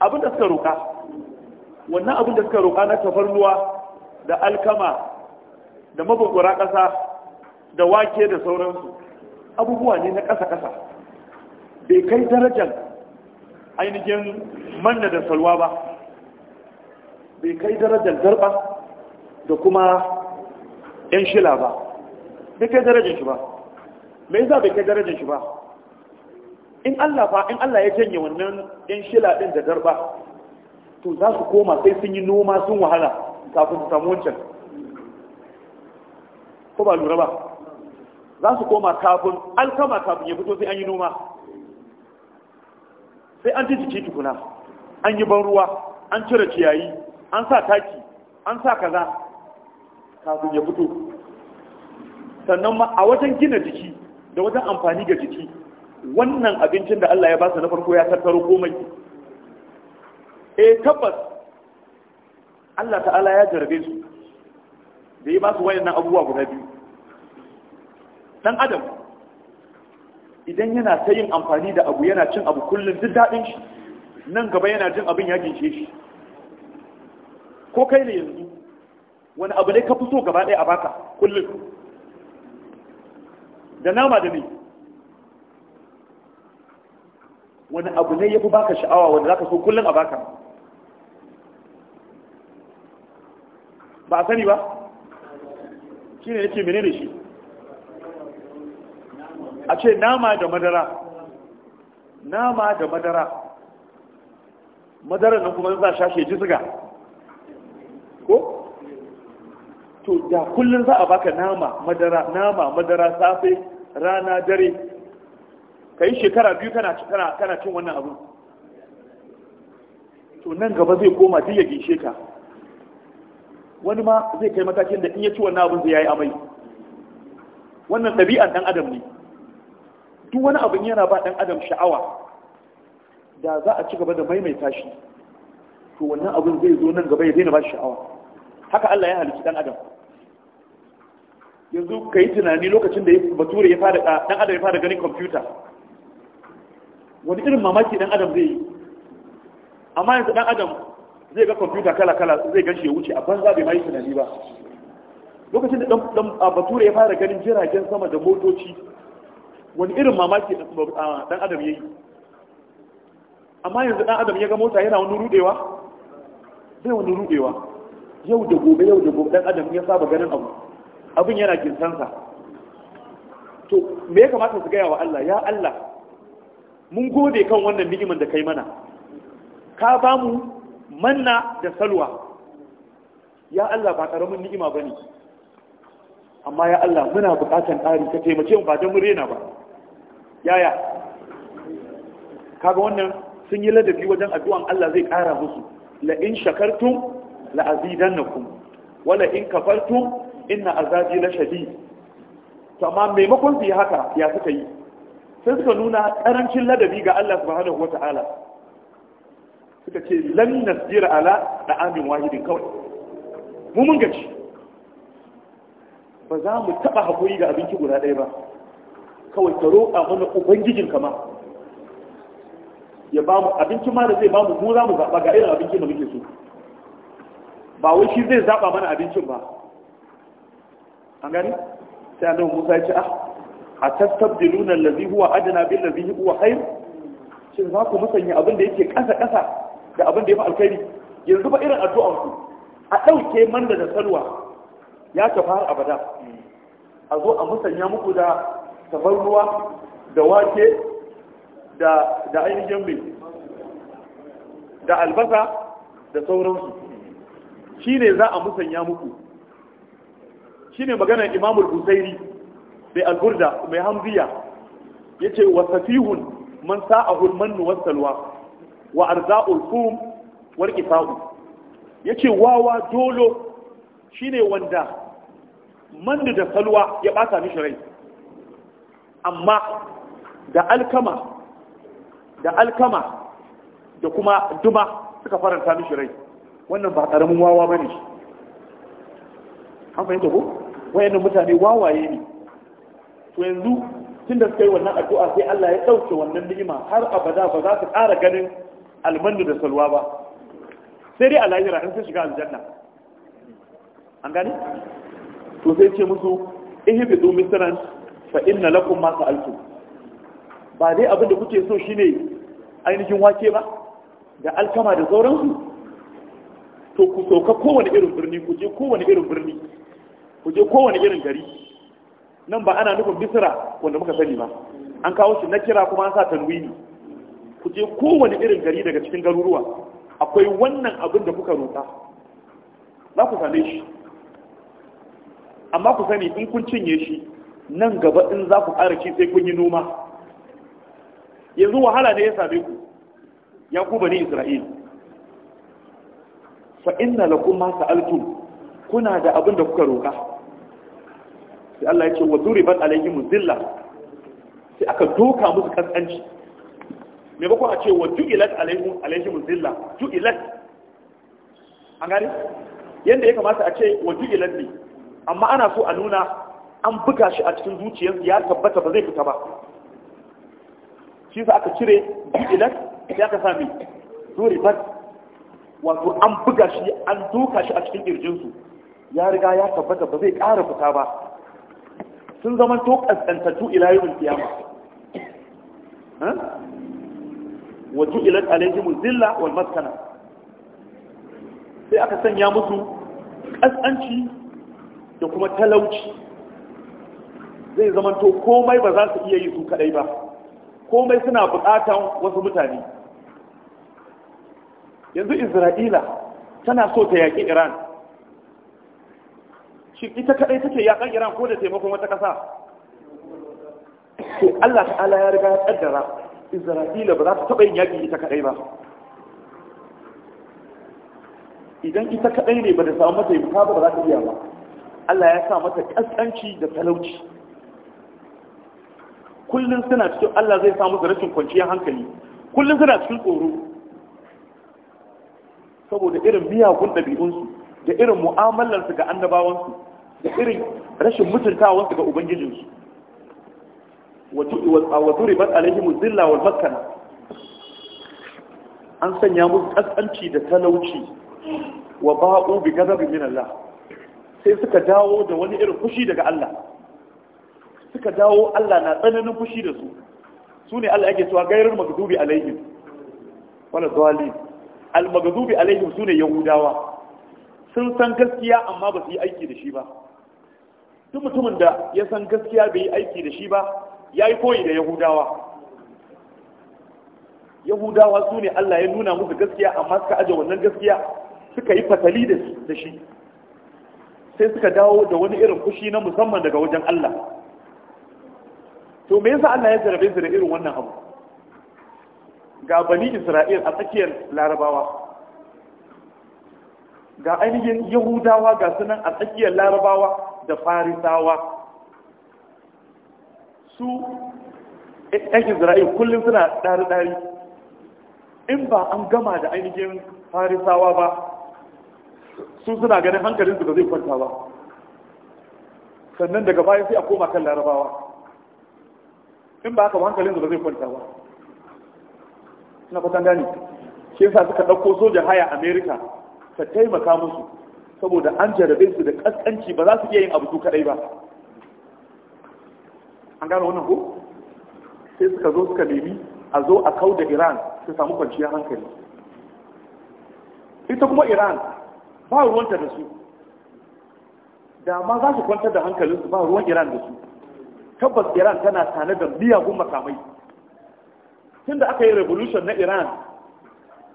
A: abinda suka roƙa wannan abin suka roƙa na tafarnuwa da alkama da mabukura ƙasa da wake da sauransu abubuwa ne na ƙasa-ƙasa bai kai darajar ainihin manna da salwa ba bai kai darajar zarba da kuma ƴan shila ba bai kai darajar shi ba mai za bai kai darajar shi ba in Allah fa in Allah ya janye wannan yan shila din da darba to za su koma sai sun yi noma sun wahala kafin su samu wancan ko ba lura ba za su koma kafin alkama kafin ya fito sai an yi noma sai an ji jiki tukuna an yi ban ruwa an cire ciyayi an sa taki an sa kaza kafin ya fito sannan ma a wajen gina jiki da wajen amfani ga jiki wannan abincin da Allah ya ba su na farko ya tattaro komai E tabbas Allah ta'ala ya jarabe su da ya ba su wayannan abubuwa guda biyu dan adam idan yana ta yin amfani da abu yana cin abu kullum duk daɗin shi nan gaba yana jin abin ya gince shi ko kai ne yanzu wani abu ne ka fi so gaba ɗaya a baka kullum da nama da ne wani abu ne ya fi baka sha'awa wanda za ka so kullum a baka ba a sani ba
B: shi ne ya ce menene shi
A: a ce nama da madara nama da madara Madara nan kuma za a shi ji siga ko? to da kullum za a baka nama madara nama madara safe rana dare ka yi shekara biyu kana cin wannan abu to nan gaba zai koma duk ya gishe ka wani ma zai kai matakin da in ya ci wannan abin zai yayi amai wannan ɗabi'ar ɗan adam ne duk wani abin yana ba ɗan adam sha'awa da za a ci gaba da maimaita shi to wannan abin zai zo nan gaba ya daina ba sha'awa haka Allah ya halicci ɗan adam yanzu ka yi tunani lokacin da bature ya fara ɗan adam ya fara ganin kwamfuta wani irin mamaki dan adam zai yi amma yanzu dan adam zai ga kwamfuta kala kala zai gan shi ya wuce a banza bai mai tunani ba lokacin da dan bature ya fara ganin jiragen sama da motoci wani irin mamaki dan adam yayi amma yanzu dan adam ya ga mota yana wani rudewa zai wani rudewa yau da gobe yau da gobe dan adam ya saba ganin abu abin yana kintansa to me ya kamata su gaya wa Allah ya Allah mun gode kan wannan ni'imar da kai mana ka ba mu manna da salwa ya Allah ba karamin ni'ima bane amma ya Allah muna buƙatar ƙari ka taimake mu ba don mun rena ba yaya kaga wannan sun yi ladabi wajen addu'an Allah zai ƙara musu la in shakartum la azidannakum wala in kafartum inna azabi la shadid to amma maimakon su yi haka ya suka yi sai suka nuna karancin ladabi ga Allah subhanahu wata'ala suka ce lan nasjira ala da amin wahidin kawai mu mun gaci ba za mu taba hakuri ga abinci guda ɗaya ba kawai ta roƙa mana ubangijin kama ya ba mu abinci ma da zai ba mu mu za mu zaɓa ga irin abinci da muke so ba wai shi zai zaɓa mana abincin ba an gani sai annabi Musa ya ce ah a tattabdiluna allazi huwa adana bin ladhi huwa khair shi za ku musanya abin da yake kasa kasa da abin da ya fi alkhairi yanzu ba irin addu'an a ɗauke manda da salwa ya tafi har abada a zo a musanya muku da tabarruwa da wake da ainihin mai da albasa da sauransu shi ne za a musanya muku shine maganar imamul Kusairi. bai alburda mai hamziya ya ce wa safihun man sa'ahul mannu wasalwa wa arza'ul kum wal ifa'u ya ce wawa dolo shine wanda manda da salwa ya ɓata mishi rai amma da alkama da alkama da kuma duma suka faranta mishi rai wannan ba ƙaramin wawa ba ne an fahimta ko wayannan mutane wawaye ne to yanzu tun da suka yi wannan addu'a sai Allah ya ɗauke wannan ni'ima har abada ba za su ƙara ganin almanu da salwa ba sai dai a ya in sun shiga aljanna an gane to sai ce musu ihbidu misran fa inna lakum ma sa'altum ba dai abin da kuke so shine ainihin wake ba da alkama da sauransu to ku sauka kowane irin birni ku je kowane irin birni ku je kowane irin gari nan ba ana nufin Bisira wanda muka sani ba an kawo shi na kira kuma an sa tanwini ku je kowane irin gari daga cikin garuruwa akwai wannan abin da kuka roƙa za ku same shi amma ku sani in kun cinye shi nan gaba in za ku ƙara sai kun yi noma yanzu wahala ne ya same ku ya ku isra'il fa inna lakum ma sa'altum kuna da abin da kuka roƙa sai Allah ya ce wa ban alaihi muzilla sai aka doka musu kaskanci me bako a ce wa ju'ilat alaihi alaihim zilla ju'ilat an gani yanda ya kamata a ce wa ju'ilat ne amma ana so a nuna an buga shi a cikin zuciyar ya tabbata ba zai fita ba shi sa aka cire ju'ilat sai aka sami ban, wato an buga shi an doka shi a cikin kirjinsu ya riga ya tabbata ba zai ƙara fita ba sun zama to kaskantattu ila kiyama wato ilan alaihim zilla wal maskana sai aka sanya musu
B: ƙasƙanci
A: da kuma talauci zai zama to komai ba za su iya yi su kadai ba komai suna bukatan wasu mutane yanzu isra'ila tana so ta yaƙi iran shin ita kadai take kan Iran ko da taimakon wata kasa to Allah ta'ala ya riga ya kaddara Isra'ila ba za ta taba yin yaki ita kadai ba idan ita kadai ne ba da samu mata yimka ba ba za ta iya ba Allah ya sa mata kaskanci da talauci kullum suna cikin Allah zai samu da rashin kwanciyar hankali kullum suna cikin tsoro saboda irin miyagun ɗabi'unsu da irin mu'amalarsu ga annabawansu da irin rashin mutuntawa ga ubangijinsu wa duribat alaihi muzilla wal maskana an sanya musu kaskanci da talauci wa ba'u bi ghadabin min Allah sai suka dawo da wani irin fushi daga Allah suka dawo Allah na tsananin fushi da su su ne Allah yake cewa gairar magdubi alaihim wala dhalin al magdubi alaihim su ne yahudawa sun san gaskiya amma ba su yi aiki da shi ba duk mutumin da ya san gaskiya bai yi aiki da shi ba ya yi koyi da yahudawa yahudawa su ne allah ya nuna musu gaskiya amma suka aje wannan gaskiya suka yi fatali da shi sai suka dawo da wani irin fushi na musamman daga wajen allah to me yasa allah ya jarabe su da irin wannan abu ga bani isra'il a tsakiyar larabawa ga ainihin yahudawa ga sunan a tsakiyar larabawa da farisawa su ɗan isra'il kullum suna ɗari-ɗari in ba an gama da ainihin farisawa ba su suna ganin hankalinsu ba zai kwanta ba sannan daga bayan sai a koma kan larabawa in ba haka ba hankalinsu ba zai kwanta ba na kwatan gani shi yasa suka ɗauko sojan haya amerika ka taimaka musu saboda an jarabe su da kaskanci ba za su iya yin abu su kadai ba an gano wannan ko sai suka zo suka nemi a zo a kau da iran su samu kwanciyar hankali ita kuma iran ba ruwanta da su da ma za su kwantar da hankalinsu ba ruwan iran da su tabbas iran tana tane da miyagun makamai tun da aka yi revolution na iran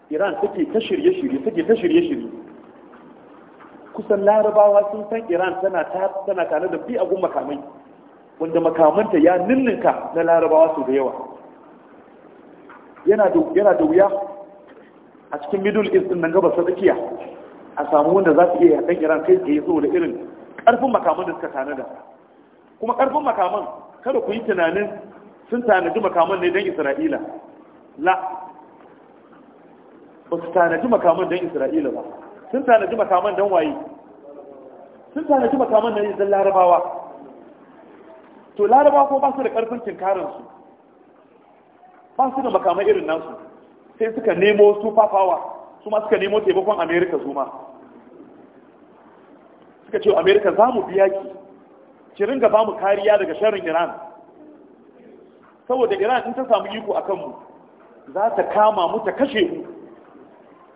A: iran take ta shirye-shirye take ta shirye-shirye kusan larabawa sun san iran tana tana tare da gun makamai wanda makamanta ya ninninka na larabawa su da yawa yana da wuya a cikin middle east nan gabas tsakiya a samu wanda za su iya yakan iran kai tsaye saboda irin karfin makaman da suka tanada kuma karfin makaman kada ku yi tunanin sun tanadi makaman ne don isra'ila la ba su tanaji makaman don isra'ila ba sun tanaji makaman don waye sun tanaji makaman don yanzu larabawa to larabawa ko ba su da karfin su ba su da makaman irin nasu sai suka nemo super power su ma suka nemo taimakon america su ma suka ce america za mu biya ki ki ringa ba mu kariya daga sharin iran saboda iran in ta samu iko a kanmu za ta kama mu ta kashe mu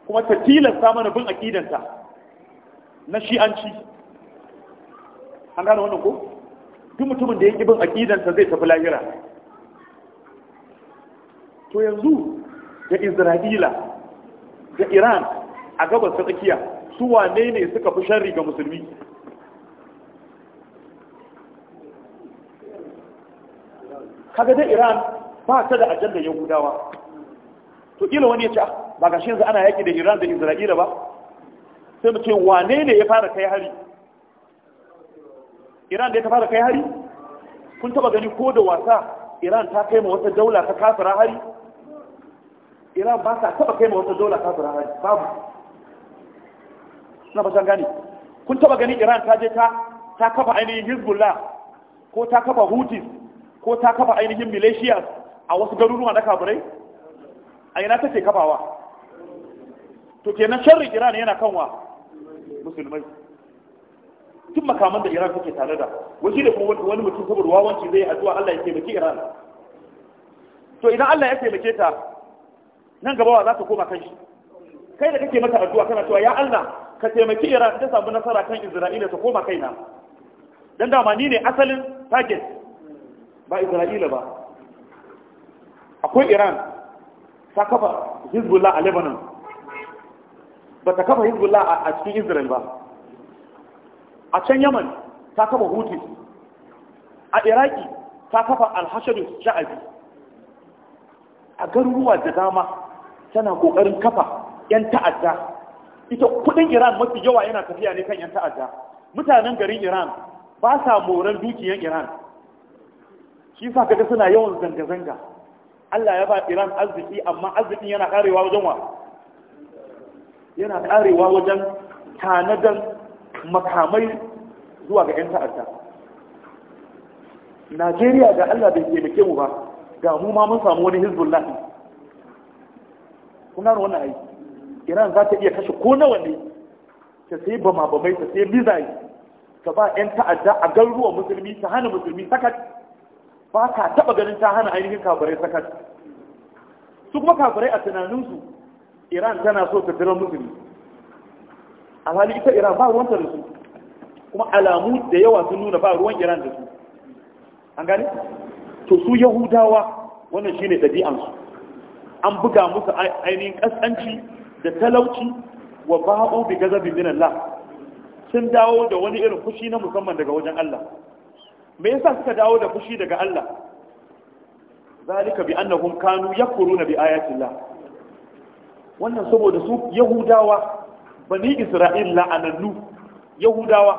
A: kuma ta tilasta mana bin aƙidanta na shi'anci an gane wannan ko duk mutumin da ya ƙi bin aƙidanta zai tafi lahira to yanzu da isra'ila da iran a gabas ta tsakiya su wane ne suka fi shari ga musulmi kaga da iran ba ta da ajandar yahudawa to ila wani ya ce ah, ba ga shi ana yaƙi da iran da isra'ila ba sai mu ce wane ne ya fara kai hari iran da ya fara kai hari kun taba gani ko da wasa iran ta kai ma wata daula ta kafira hari iran ba ta taba kai ma wata daula kafira hari babu suna ba gani kun taba gani iran ta je ta ta kafa ainihin hezbollah ko ta kafa houthis ko ta kafa ainihin militias a wasu garuruwa na kafirai a ina ce kafawa to kenan sharrin iran yana kan wa musulmai tun makaman da iran suke tare da wasu da kuma wani mutum saboda wawanci zai addu'a allah ya taimaki iran to idan allah ya taimake ta nan gaba wa za ta koma kan shi kai da kake mata addu'a kana cewa ya allah ka taimaki iran ta samu nasara kan isra'ila ta koma kaina dan dama ni ne asalin target ba isra'ila ba akwai iran ta kafa hezbollah a lebanon ba ta kafa hizbullah a cikin israel ba a can yaman ta kafa hutu a iraki ta kafa alhashadu sha'abi a garuruwa da dama tana kokarin kafa 'yan ta'adda ita kudin iran mafi yawa yana tafiya ne kan 'yan ta'adda mutanen garin iran ba sa moran dukiyan iran shi sa kaga suna yawan zanga-zanga Allah ya ba Iran arziki amma arzikin yana karewa wajen wa yana karewa wajen tanadan makamai zuwa ga 'yan ta'adda najeriya ga allah bai taimake mu ba ga mu ma mun samu wani hezbollah Kuna gano wannan aiki iran za ta iya kashe ko na wani ta sai bama bamai ta sai mizayi ta ba 'yan ta'adda a garuruwan musulmi ta hana musulmi sakat ba ka taba ganin ta hana ainihin kafirai sakat su kuma kafirai a tunaninsu iran tana so ta zira musulmi a hali ita iran ba ruwanta da su kuma alamu da yawa sun nuna ba ruwan iran da su an gani to su yahudawa wannan shine ɗabi'ansu an buga musu ainihin ƙasƙanci da talauci wa ba'u bi gazabin min Allah sun dawo da wani irin fushi na musamman daga wajen Allah me yasa suka dawo da fushi daga Allah zalika bi annahum kanu yakfuruna bi ayati Allah wannan saboda su yahudawa bani isra'il la'anannu yahudawa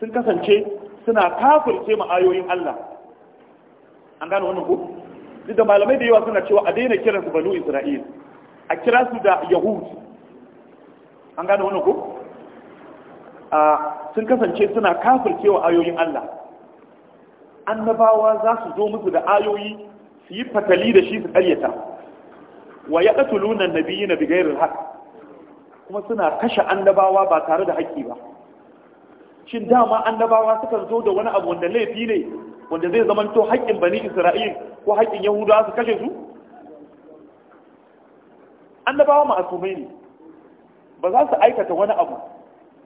A: sun kasance suna kafirce ma ayoyin Allah an gane wannan ko duk da malamai da yawa suna cewa a daina kiransu banu isra'il a kira su da yahud an gane wannan ko sun kasance suna kafircewa ayoyin Allah annabawa za su zo musu da ayoyi su yi fatali da shi su karyata wa ya ƙatulunan nabiyyi na biyu na bigairin haƙ kuma suna kashe annabawa ba tare da haƙƙi ba shin dama annabawa sukan zo da wani abu wanda laifi ne wanda zai zama zamanto haƙƙin bani isra'il ko haƙƙin yahudawa su kashe su annabawa ma'asumai ne ba za su aikata wani abu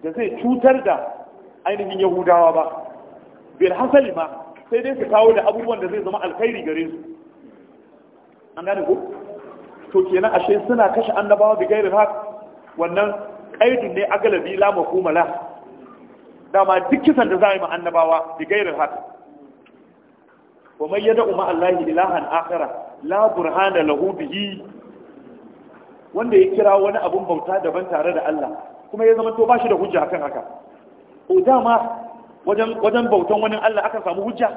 A: da zai cutar da ainihin yahudawa ba bil hasali ma sai dai su kawo da abubuwan da zai zama alkhairi gare su an gane ko to kenan ashe suna kashe annabawa da gairin haq wannan qaidun ne agalabi la mafhuma la dama duk kisan da za a yi ma annabawa da gairin haq wa man yad'u ma allahi ilahan akhara la burhana lahu bihi wanda ya kira wani abun bauta daban tare da Allah kuma ya zama to ba shi da hujja kan haka ko dama wajen wajen bautan wani Allah aka samu hujja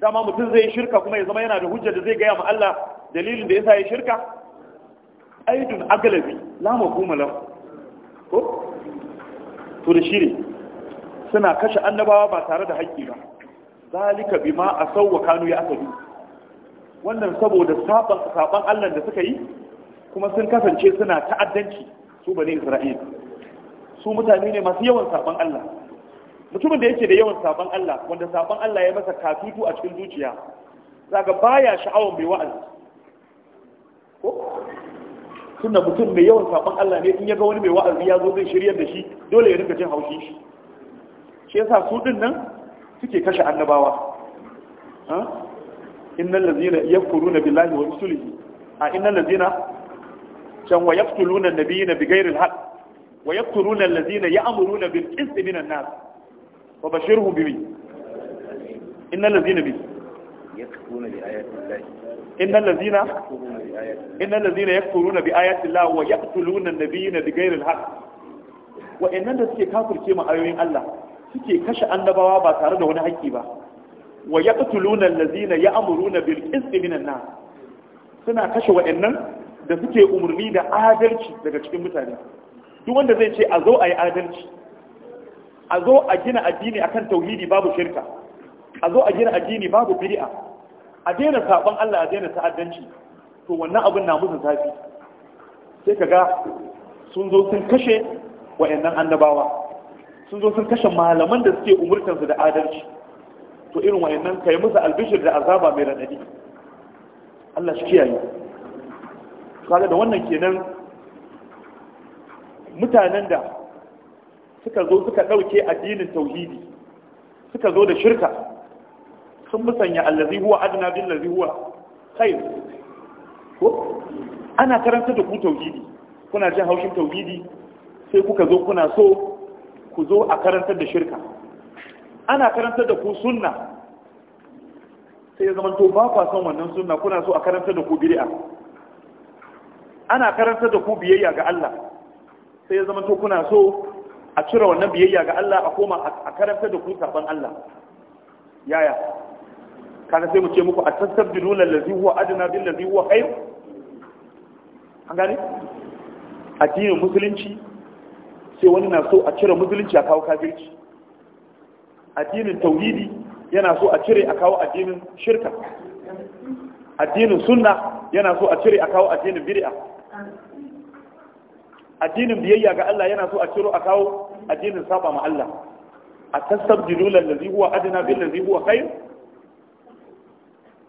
A: dama mutum zai shirka kuma ya zama yana da hujja da zai gaya ma Allah dalilin da yasa ya shirka aidun agalabi la kuma ko to da suna kashe annabawa ba tare da haƙƙi ba zalika bima asawwa kanu ya asabi. wannan saboda saban saban da suka yi kuma sun kasance suna ta'addanci su bane Isra'il su mutane ne masu yawan saban Allah mutumin da yake da yawan saban Allah wanda saban Allah ya masa katutu a cikin zuciya Zaka baya sha'awan bai wa'azi ko tunda mutum mai yawan sabon Allah ne in ya ga wani mai wa'azi ya zo zai shiryar da shi dole ya rinka jin haushi shi shi yasa su din nan suke kashe annabawa innal ladzina yakfuruna billahi wa rusulihi a innal ladzina can wa yaqtuluna nabiyina bighairi alhaq wa yaqtuluna alladhina ya'muruna bil qisti min an-nas wa bashirhum bihi innal ladzina bi
B: yakfuruna bi ayati llahi
A: innal lazina innal lazina yakfuruna bi ayati Allah wa yaqtuluna an-nabiyina bighairi al-haq wa innan da suke kafirce ma ayoyin Allah suke kashe annabawa ba tare da wani haƙƙi ba wa yaqtuluna allazina ya'muruna bil qisti minan nas suna kashe wa'annan da suke umarni da adalci daga cikin mutane duk wanda zai ce a zo a yi adalci a zo a gina addini akan tauhidi babu shirka a zo a gina addini babu bid'a a daina saɓon Allah a daina ta'addanci to wannan abin na musu zafi sai ka ga sun zo sun kashe wa'annan annabawa sun zo sun kashe malaman da suke umurtansu da adalci to irin wa'annan yi musu albishir da azaba mai raɗaɗi Allah shi kiyaye kaga da wannan kenan mutanen da suka zo suka ɗauke addinin tauhidi suka zo da shirka sun musanya allazi huwa adna bil ladhi huwa khair ko ana karanta da ku tauhidi kuna jin haushin tauhidi sai kuka zo kuna so ku zo a karanta da shirka ana karanta da ku sunna sai ya zama to ba kwa son wannan sunna kuna so a karanta da ku bid'a ana karanta da ku biyayya ga Allah sai ya zama to kuna so a cire wannan biyayya ga Allah a koma a karanta da ku sabon Allah yaya kaga sai mu ce muku atastabdiluna allazi huwa adna bil ladhi huwa khair an gane addinin musulunci sai wani na so a cire musulunci a kawo kafirci addinin tauhidi yana so a cire a kawo addinin shirka addinin sunna yana so a cire a kawo addinin bid'a addinin biyayya ga Allah yana so a ciro a kawo addinin saba ma Allah a tasabdilu lallazi huwa adna bil ladhi huwa khair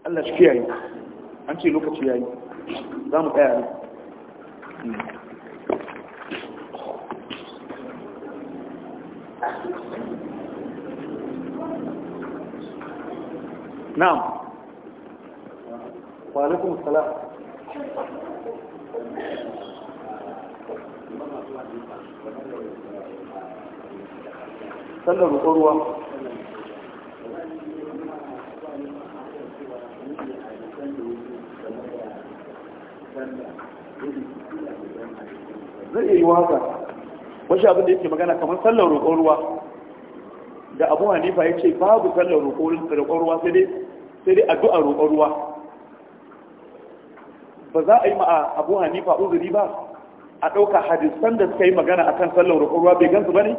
A: Allah shi kiyaye an ce lokaci yayi za mu tsaya ne na'am wa alaikum assalam sallar ruwa zai iya yi waka wasu abin da yake magana kamar sallar roƙon ruwa da abu hanifa ya ce babu sallar roƙon ruwa sai dai addu'a roƙon ruwa ba za a yi ma abu hanifa uzuri ba a ɗauka hadisan da suka yi magana a kan sallar roƙon ruwa bai gansu ba ne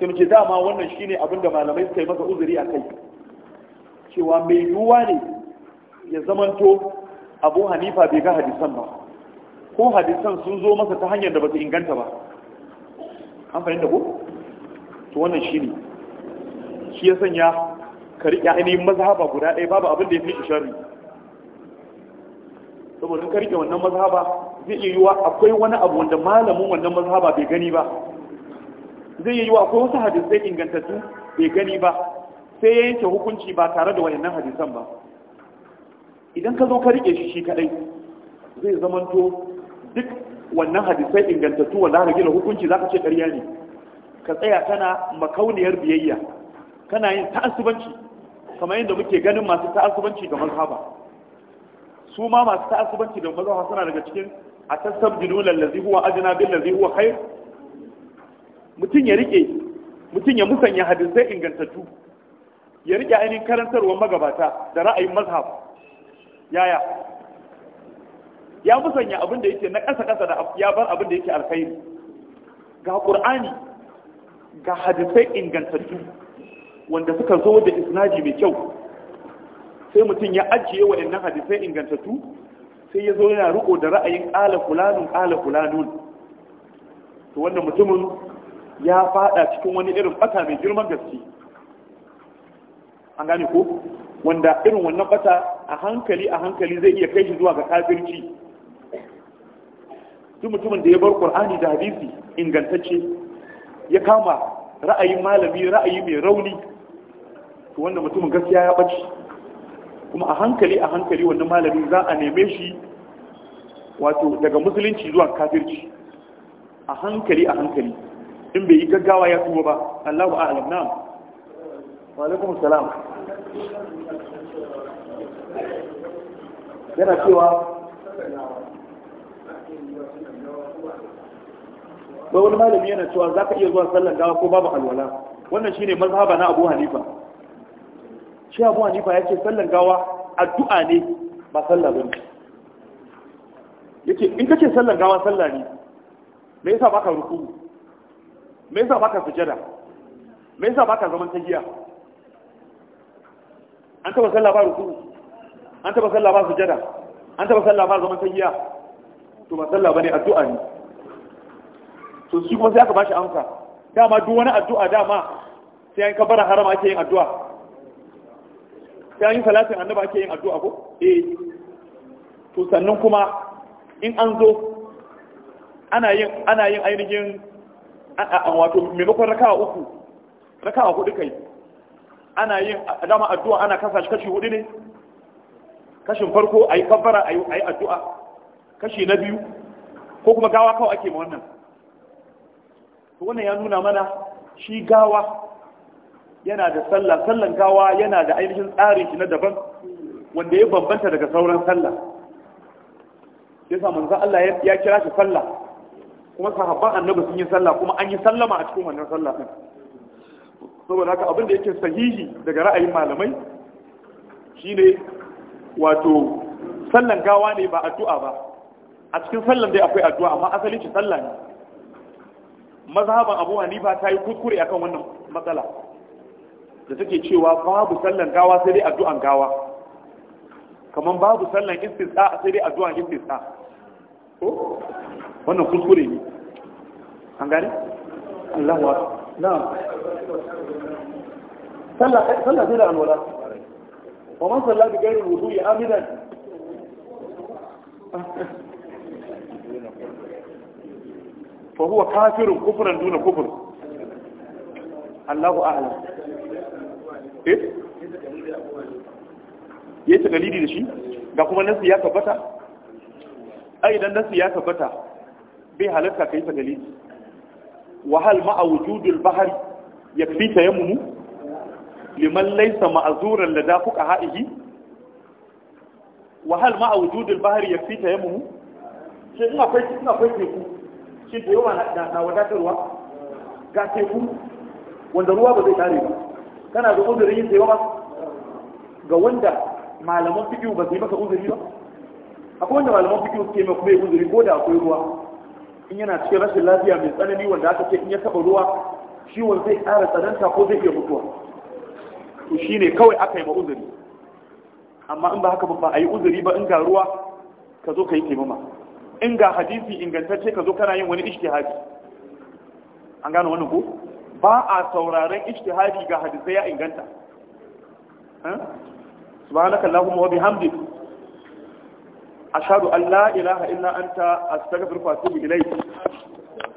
A: sai muke dama wannan shine abin da malamai suka yi masa uzuri a kai cewa mai yiwuwa ne ya zamanto abu hanifa bai ga hadisan ba ko hadisan sun zo masa ta hanyar da ba su inganta ba an fahimta ko to wannan shi ne shi ya sanya ka riƙe ainihin mazhaba guda ɗaya babu abin da ya fi shi saboda in ka riƙe wannan mazhaba zai iya yiwa akwai wani abu wanda malamin wannan mazhaba bai gani ba zai iya yiwa akwai wasu hadisai ingantattu bai gani ba sai ya yanke hukunci ba tare da wayannan hadisan ba idan ka zo ka rike shi shi kadai zai zamanto duk wannan hadisai ingantattu wanda aka gina hukunci zaka ce ƙarya ne ka tsaya kana makauniyar biyayya kana yin ta'assubanci kamar yadda muke ganin masu ta'assubanci ga mazhaba su ma masu ta'assubanci da mazhaba suna daga cikin a tasabdiluna allazi huwa adna bil ladzi huwa khair mutum ya rike mutun ya musanya hadisai ingantattu ya rike ainihin karantarwar magabata da ra'ayin mazhaba yaya ya musanya abin da yake na ƙasa ƙasa da ya bar abin da yake alkhairi ga qur'ani ga hadisai ingantattu wanda suka zo da isnadi mai kyau sai mutum ya ajiye waɗannan hadisai ingantattu sai ya zo yana riko da ra'ayin ƙala fulanun ƙala fulanun to wannan mutumin ya fada cikin wani irin bata mai girman gaske an gane ko wanda irin wannan bata a hankali a hankali zai iya kai shi zuwa ga kafirci duk mutumin da ya bar qur'ani da hadisi ingantacce ya kama ra'ayin malami ra'ayi mai rauni to wanda mutumin gaskiya ya bace kuma a hankali a hankali wanda malami za a neme shi wato daga musulunci zuwa kafirci a hankali a hankali in bai yi gaggawa ya tuba ba Allahu a'lam na'am
B: wa alaikum salam yana cewa
A: ba wani malami yana cewa za ka iya zuwa sallan gawa ko babu alwala wannan shine mazhaba na abu hanifa shi abu hanifa ya ce sallan gawa addu'a ne ba sallah ba yake in kace sallan gawa sallah ne me yasa baka ruku me yasa baka sujada me yasa baka zaman tagiya an taba sallah ba ruku an taba sallah ba sujada an taba sallah ba zaman tahiya to ba sallah bane addu'a ne to shi kuma sai aka bashi amsa dama duk wani addu'a dama sai an kabara harama ake yin addu'a sai an yi salatin annaba ake yin addu'a ko eh to sannan kuma in an zo ana yin ana yin ainihin wato maimakon raka'a uku raka'a hudu kai ana yin dama addu'a ana kasa shi kashi hudu ne kashin farko a yi kabbara ayi ayi addu'a kashi na biyu ko kuma gawa kawai ake ma wannan wannan ya nuna mana shi gawa yana da sallah sallan gawa yana da ainihin tsarin shi na daban wanda ya bambanta daga sauran sallah sai sa manzo Allah ya kira shi sallah kuma sahabban annabi sun yi sallah kuma an yi sallama a cikin wannan sallah din saboda haka abin da yake sahihi daga ra'ayin malamai shine wato sallan gawa ne ba addu'a ba a cikin sallan dai akwai addu'a amma asali ce sallah ne mazhaban abu hanifa ta yi kuskure akan wannan matsala da take cewa babu sallan gawa sai dai addu'an gawa kamar babu sallan istisqa sai dai addu'an istisqa ko wannan kuskure ne an gane Allahu akbar na'am sallah sallah da alwala wa man salla bi ghairi wudu'i amidan fa huwa kafirun kufran duna kufr Allahu a'lam eh ta dalili da shi ga kuma nasi ya tabbata ai idan nasi ya tabbata bai halatta kai ta dalili wa hal ma'a wujudul bahri yakfi tayammumu liman laysa ma'zuran lada fuqaha'ihi wa hal ma'a wujudil bahri yakfi tayammuhu shin ina akwai ina akwai teku shin da yawa na wadatarwa ga teku wanda ruwa ba zai tare ba kana da uzurin yin ba? ga wanda malaman fikiyu ba zai yi masa uzuri ba akwai wanda malaman fikiyu suke mai kuma yi uzuri ko da akwai ruwa in yana cikin rashin lafiya mai tsanani wanda aka ce in ya taɓa ruwa ciwon zai ƙara tsananta ko zai iya mutuwa to ne kawai aka yi ba uzuri amma in ba haka ba a yi uzuri ba in ga ruwa ka zo ka yi taimama in ga hadisi ingantacce ka zo kana yin wani ishtihadi an gano wani ku? ba a sauraren ishtihadi ga hadisai ya inganta eh? subhanaka allahumma wa bihamdik
B: ashhadu an la ilaha illa anta astaghfiruka wa atubu ilayk